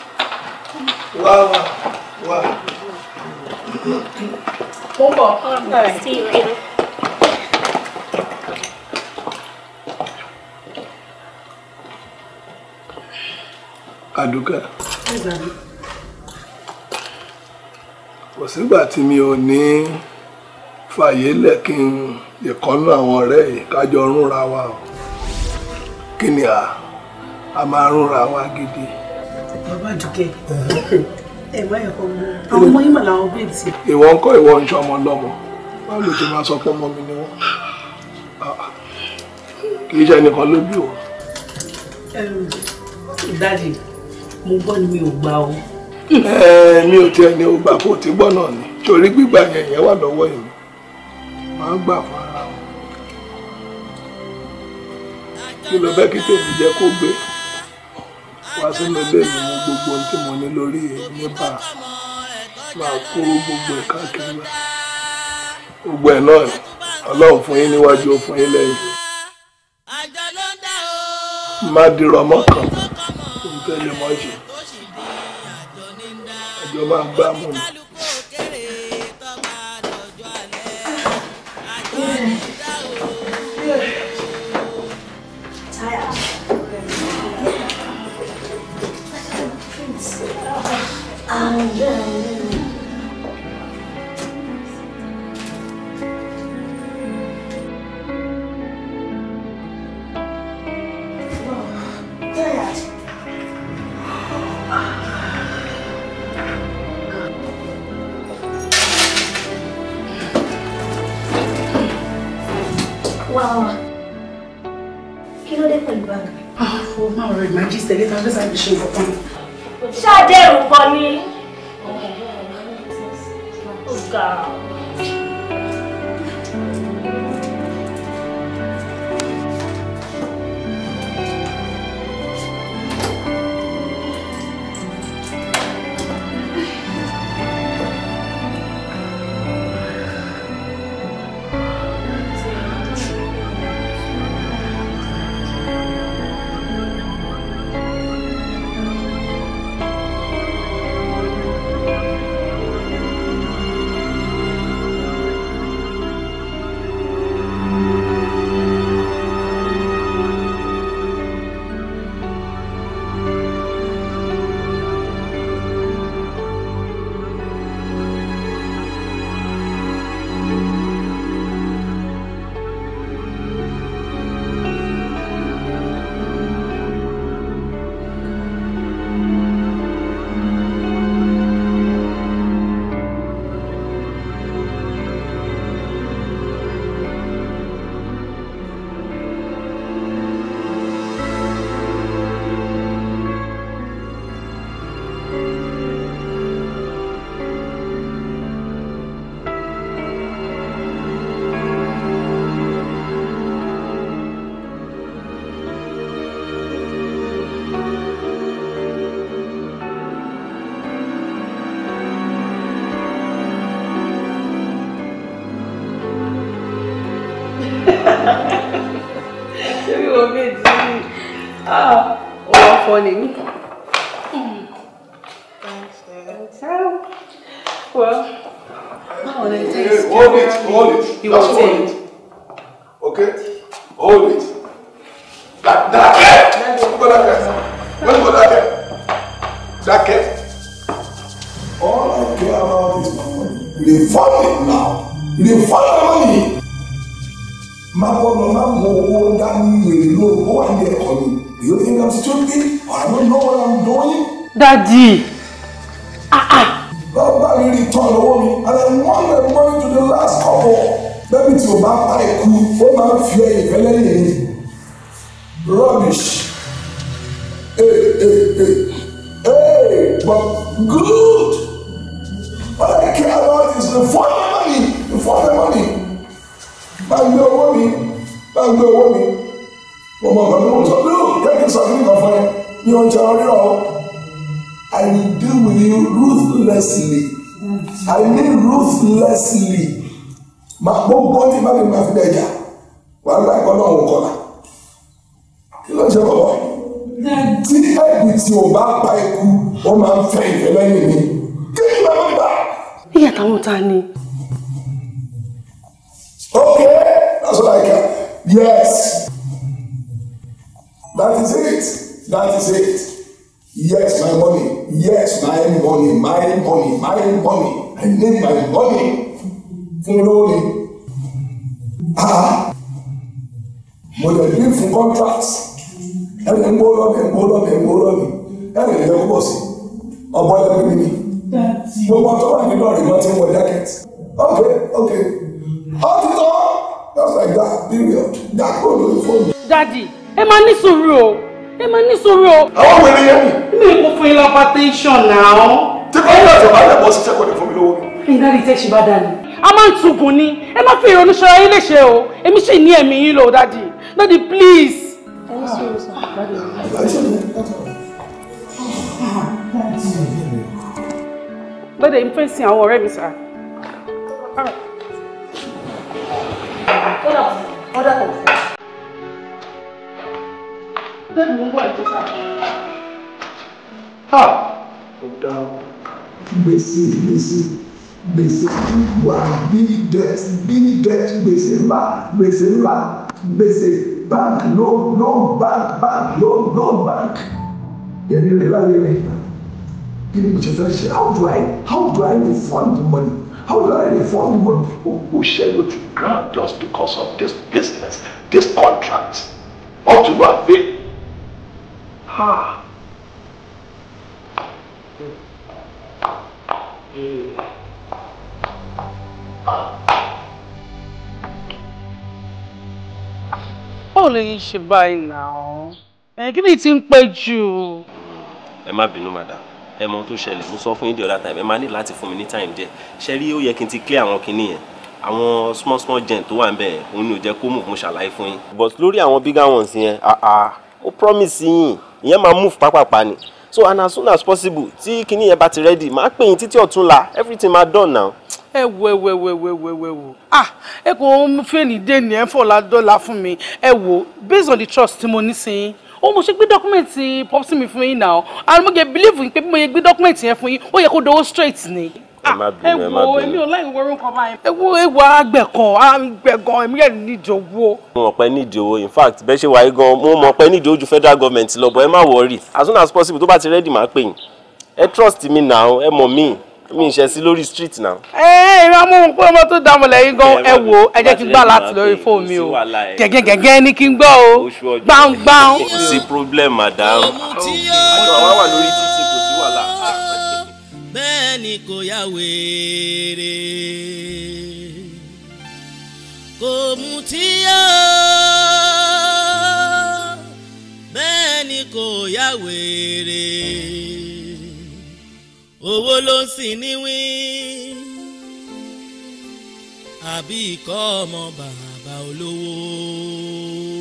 wá wá wá. mo ń bọ̀ sí ìrìn.
àdúgà kò sígbà tí mi ò ní fàyè lẹ̀ ìkọ́nú àwọn ọ̀rẹ́ yìí rúnra wa kí ni a máa rúnra wa gidi àdùkẹ́ ẹ̀wọ́ ẹ̀kọ́ mọ́ àwọn ọmọ yìí mà làwọn bẹ́ẹ̀ sí. ìwọ ń kọ́ ìwọ ń ṣe ọmọ lọ́mọ báwo ló ti máa sọ pé ọmọ mi ni wọ́n kì í ṣe ẹnìkan ló bí òun.
dádì mo gbọ́ ni mi ò gbà o.
mi ò tiẹ̀ ní o gbà kó o ti gbọ́ náà ni torí gbígbà yẹn yẹn wà lọ́wọ́ èmi máa gbà fún ara wọn kí ló bẹ́ kí tèmi jẹ́ kó gbé sínú ilé mi mú gbogbo ohun tí mo ní lórí nípa máa kóró gbogbo ẹ̀ káàkiri gbogbo ẹ̀ náà ọlọ́run fún yín níwájú fún yín lẹ́yìn. má dirọ̀ mọ́ kan fún tẹ́lẹ̀ mọ́ ṣe ìjọba ń gbá mú mi.
Ah, ṣáà
dẹ́rù bọ ni. go.
morning
Good. What I care about is the fund the money. The fund the money. Máa gbé money, mi. Máa money. owó mi. Mo mọ ọ̀gá mi wò sọ, "Look, jẹ́ kí n sọ kíni kan fún ẹ, ní ọjọ́ orí ọ̀." I will deal with you ruthlessly. I mean ruthlessly. Màá gbogbo tí bá mi máa fi bẹ̀ jà. Wàá láì kọ́ náà wò kọ́lá kí ló ń ṣe bọ̀ tí ẹ̀bùn tí ò bá pa ikú wọ́n máa ń fẹ́ ìfẹ́ lẹ́yìn mi kí ni bàbá mi bá. iye ta ni. okay that's what I can yes that is it that is it yes my money yes my money my money my money I need my money fún mi lówó ah mo lè bí fún contract ẹni ń gbó lọ́mì ń gbó lọ́mì ń gbó kó bọ̀ sí i ọ̀pọ̀ ẹ̀rọ mi ni gbogbo ọtọ́ wà nínú ọ̀rẹ́ wọn ti ń wọ jákẹ́tì okay okay ọ̀títọ́ just like that period dákúrò lórí fóònù. dadi ẹ máa
ní sùúrù o ẹ máa ní sùúrù o. àwọn wẹ̀rẹ̀ yẹn. mi ò fún yín lọ́pàá tẹ́sán náà. tí kò ní àtẹ̀wá rẹ̀ bọ́ sí sẹ́kọ̀ọ́ ní fún mi lówó. ìdá bá dà ní. a máa ń tugun ni ẹ má fi ìrònú ṣọra yín léṣe o èmi sì ní ẹ̀mí yín lò dadi dadi please.
ẹ ní sọ̀rọ̀ sọ̀rọ̀
Lọ́dẹ̀ the àwọn ọ̀rẹ́ mi sà. Hold ọ̀dà hold fẹ́. Bẹ́ẹ̀ni mo ń wá ìjọba.
Ha! Ó dá gbèsè gbèsè gbèsè wà bí dẹ́s bí dẹ́s gbèsè ńlá gbèsè ńlá gbèsè bank no no bank bank no no bank yẹn ní lẹ́la ní lẹ́yìn náà kí ni how do I how do I refund the money how do I refund the money who, who shared with you grant just because of this business this contract ought to have
been ha. Mm.
báwo lè yín ṣe give náà ẹ kí ni ti
ẹ má bínú madam ẹ mọ ohun tó ṣẹlẹ̀ mo sọ fún yín the other time ẹ máa ní láti fún mi ní time díẹ̀ ṣe rí ó yẹ kí n ti clear àwọn kinní yẹn àwọn small small gen tó wà ń bẹ̀ òun ni ò jẹ́ kó move mo ṣàlàyé fún yín. but lórí àwọn bigger ones yẹn ó promise yín ìyẹn máa move pápápá ni so and as soon as possible tí kinní yẹn bá ti ready máa pè yín títí ọ̀túnla everything máa done now.
ẹ wo ẹ wo ẹ wo ẹ wo ẹ wo ẹ wo ah ẹ kò ń fẹ́ ní dé ní ẹ fọ̀ọ́lá dọ́là fún mi ẹ wo based on the trust tí mo ní sí yín ó mo ṣe gbé dọ́kúmẹ̀ntì pọ́psí mi fún yín náà and mo yẹ bílíìfù pé bí mo yẹ gbé dọ́kúmẹ̀ntì yẹn fún yín ó yẹ kó dowó straight ni.
ẹ má ah, bínú ẹ má bínú ẹ wo èmi ò
láì wọrọ nǹkan báyìí. ẹ wo ewa agbẹ̀kan agbẹ̀gan èmi yẹn nídìí mo
mọ̀ ni nídìí owó in fact bẹ́ẹ̀ ṣe wáyé gan mo mo mọ̀ pé nídìí Ju federal government lo, bọ̀ ẹ má wọrí as soon as possible tó ba ti ready ma pè yín ẹ trust me now ẹ mọ̀ mí mi ń ṣe sí lórí street now.
ẹ ẹ ìran mú un pé ọmọ tó dá mọlẹ yín gan ẹ wò ẹ jẹ́ kí n gbà láti lórí fóònù mi o gẹ́gẹ́ gẹ́gẹ́ kí n gbọ́ o gbáǹgbáǹ. kò
sí problem madam. ọjọ́ àwa wà lórí títì kò sí wàhálà.
bẹ́ẹ̀ ni kò yá wèrè kò mutí yó bẹ́ẹ̀ ni kò yá wèrè owó ló ń sìn níwí àbí ikọ́ ọmọ bàbá olówó.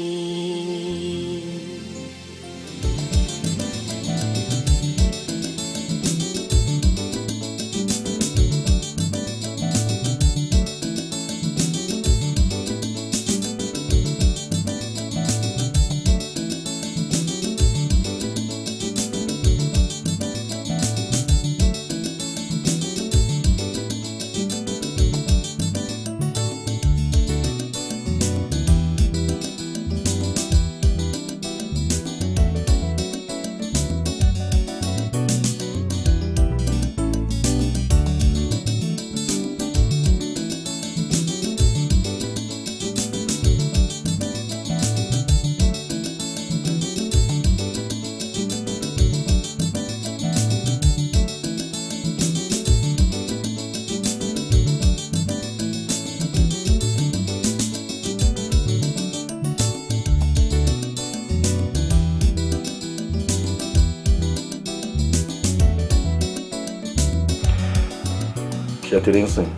ṣètìlẹ́ ńsìn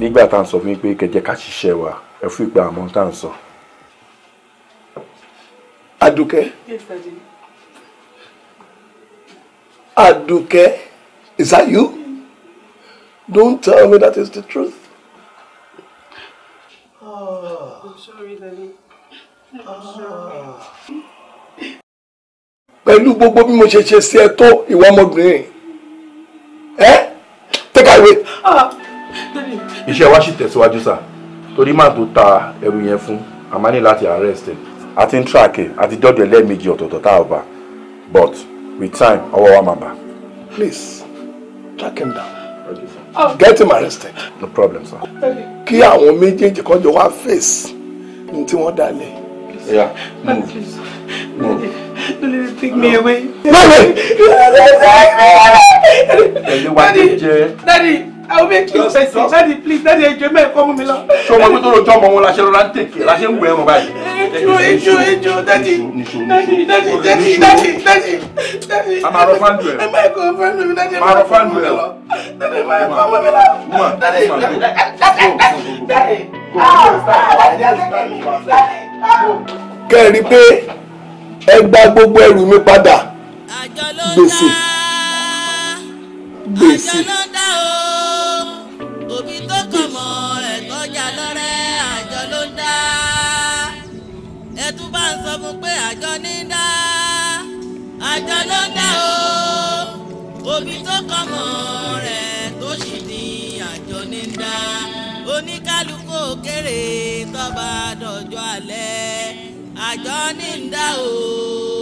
nígbà tá à ń sọ fún yín pé
kẹjẹ ká ṣiṣẹ́ wa ẹ fún ìgbà àmọ́ tá à ń sọ. Adúkẹ́ Adúkẹ́ is that you? Don't tell me that is the truth.
Oh, I'm sorry, Daddy. I'm ah. sorry.
Pẹ̀lú gbogbo bí mo ṣe ṣe sí ẹ tó ìwà ọmọbìnrin Eh? take away. her away. Ah, iṣẹ́ wa ṣì tẹ̀síwájú sá torí máa tó ta ẹrù yẹn fún a máa ní láti arrest ẹ̀. a ti ń track ẹ̀ a ti dọ́dọ̀ ẹ̀ lẹ́ẹ̀mejì ọ̀tọ̀ọ̀tọ̀ tá a bá but with time ọwọ́ wa máa bá. please track him down ah. get him arrested. no problem sir. kí àwọn méjèèjì kan jọ wá face ní tí wọ́n dálẹ̀.
Yeah, move. Move. Don't let it take
me away. Mommy! Daddy!
Daddy! I will make you sexy. Daddy, please, daddy, enjoy my come me
lọ. So mo to lo jomo wọn la ṣe lọ ran take, la ṣe Enjoy, we mo Daddy, Enjoy, enjoy, enjoy, daddy. Daddy, daddy, daddy, daddy,
daddy. Daddy.
Ama ro fan duel. Ẹ
máa ko fan mi daddy. Ma ro
fan duel. Daddy, ma ko mo
mi la. Daddy.
Daddy.
Daddy.
Kẹ́ ẹ rí pé ẹ gba gbogbo ẹrù mi padà gbèsè
gbèsè. àjọ ní dá àjọ ló dá o òbí tó kọmọ rẹ tó sì ní àjọ ní dá oníkálukú kéré tó bá dọjọ́ alẹ́ àjọ ní ń dá o.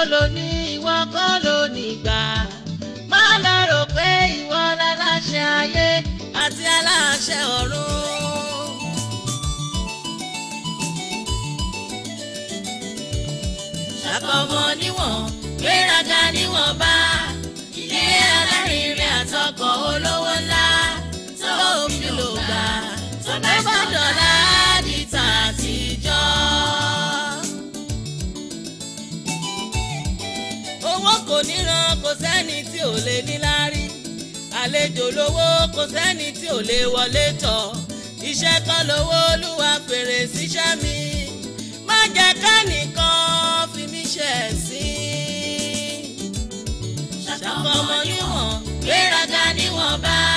kọ́ ló ní ìwọ kọ́ ló nígbà má lọ rò pé ìwọ láláṣẹ ayé àti aláṣẹ ọ̀run. ṣàkọmọ níwọ̀n gbéraga níwọ̀n bá ilé alárinrin àtọkọ̀ olówó. dolówó kò sẹ́ni tí ò lè wọlé tọ̀ iṣẹ́ kan lówó olúwa fèrè síṣẹ́ mi má jẹ́ ká nìkan fi mí ṣe ẹ̀sín ṣàkọmọ níwọ̀n gbéraga níwọ̀n bá.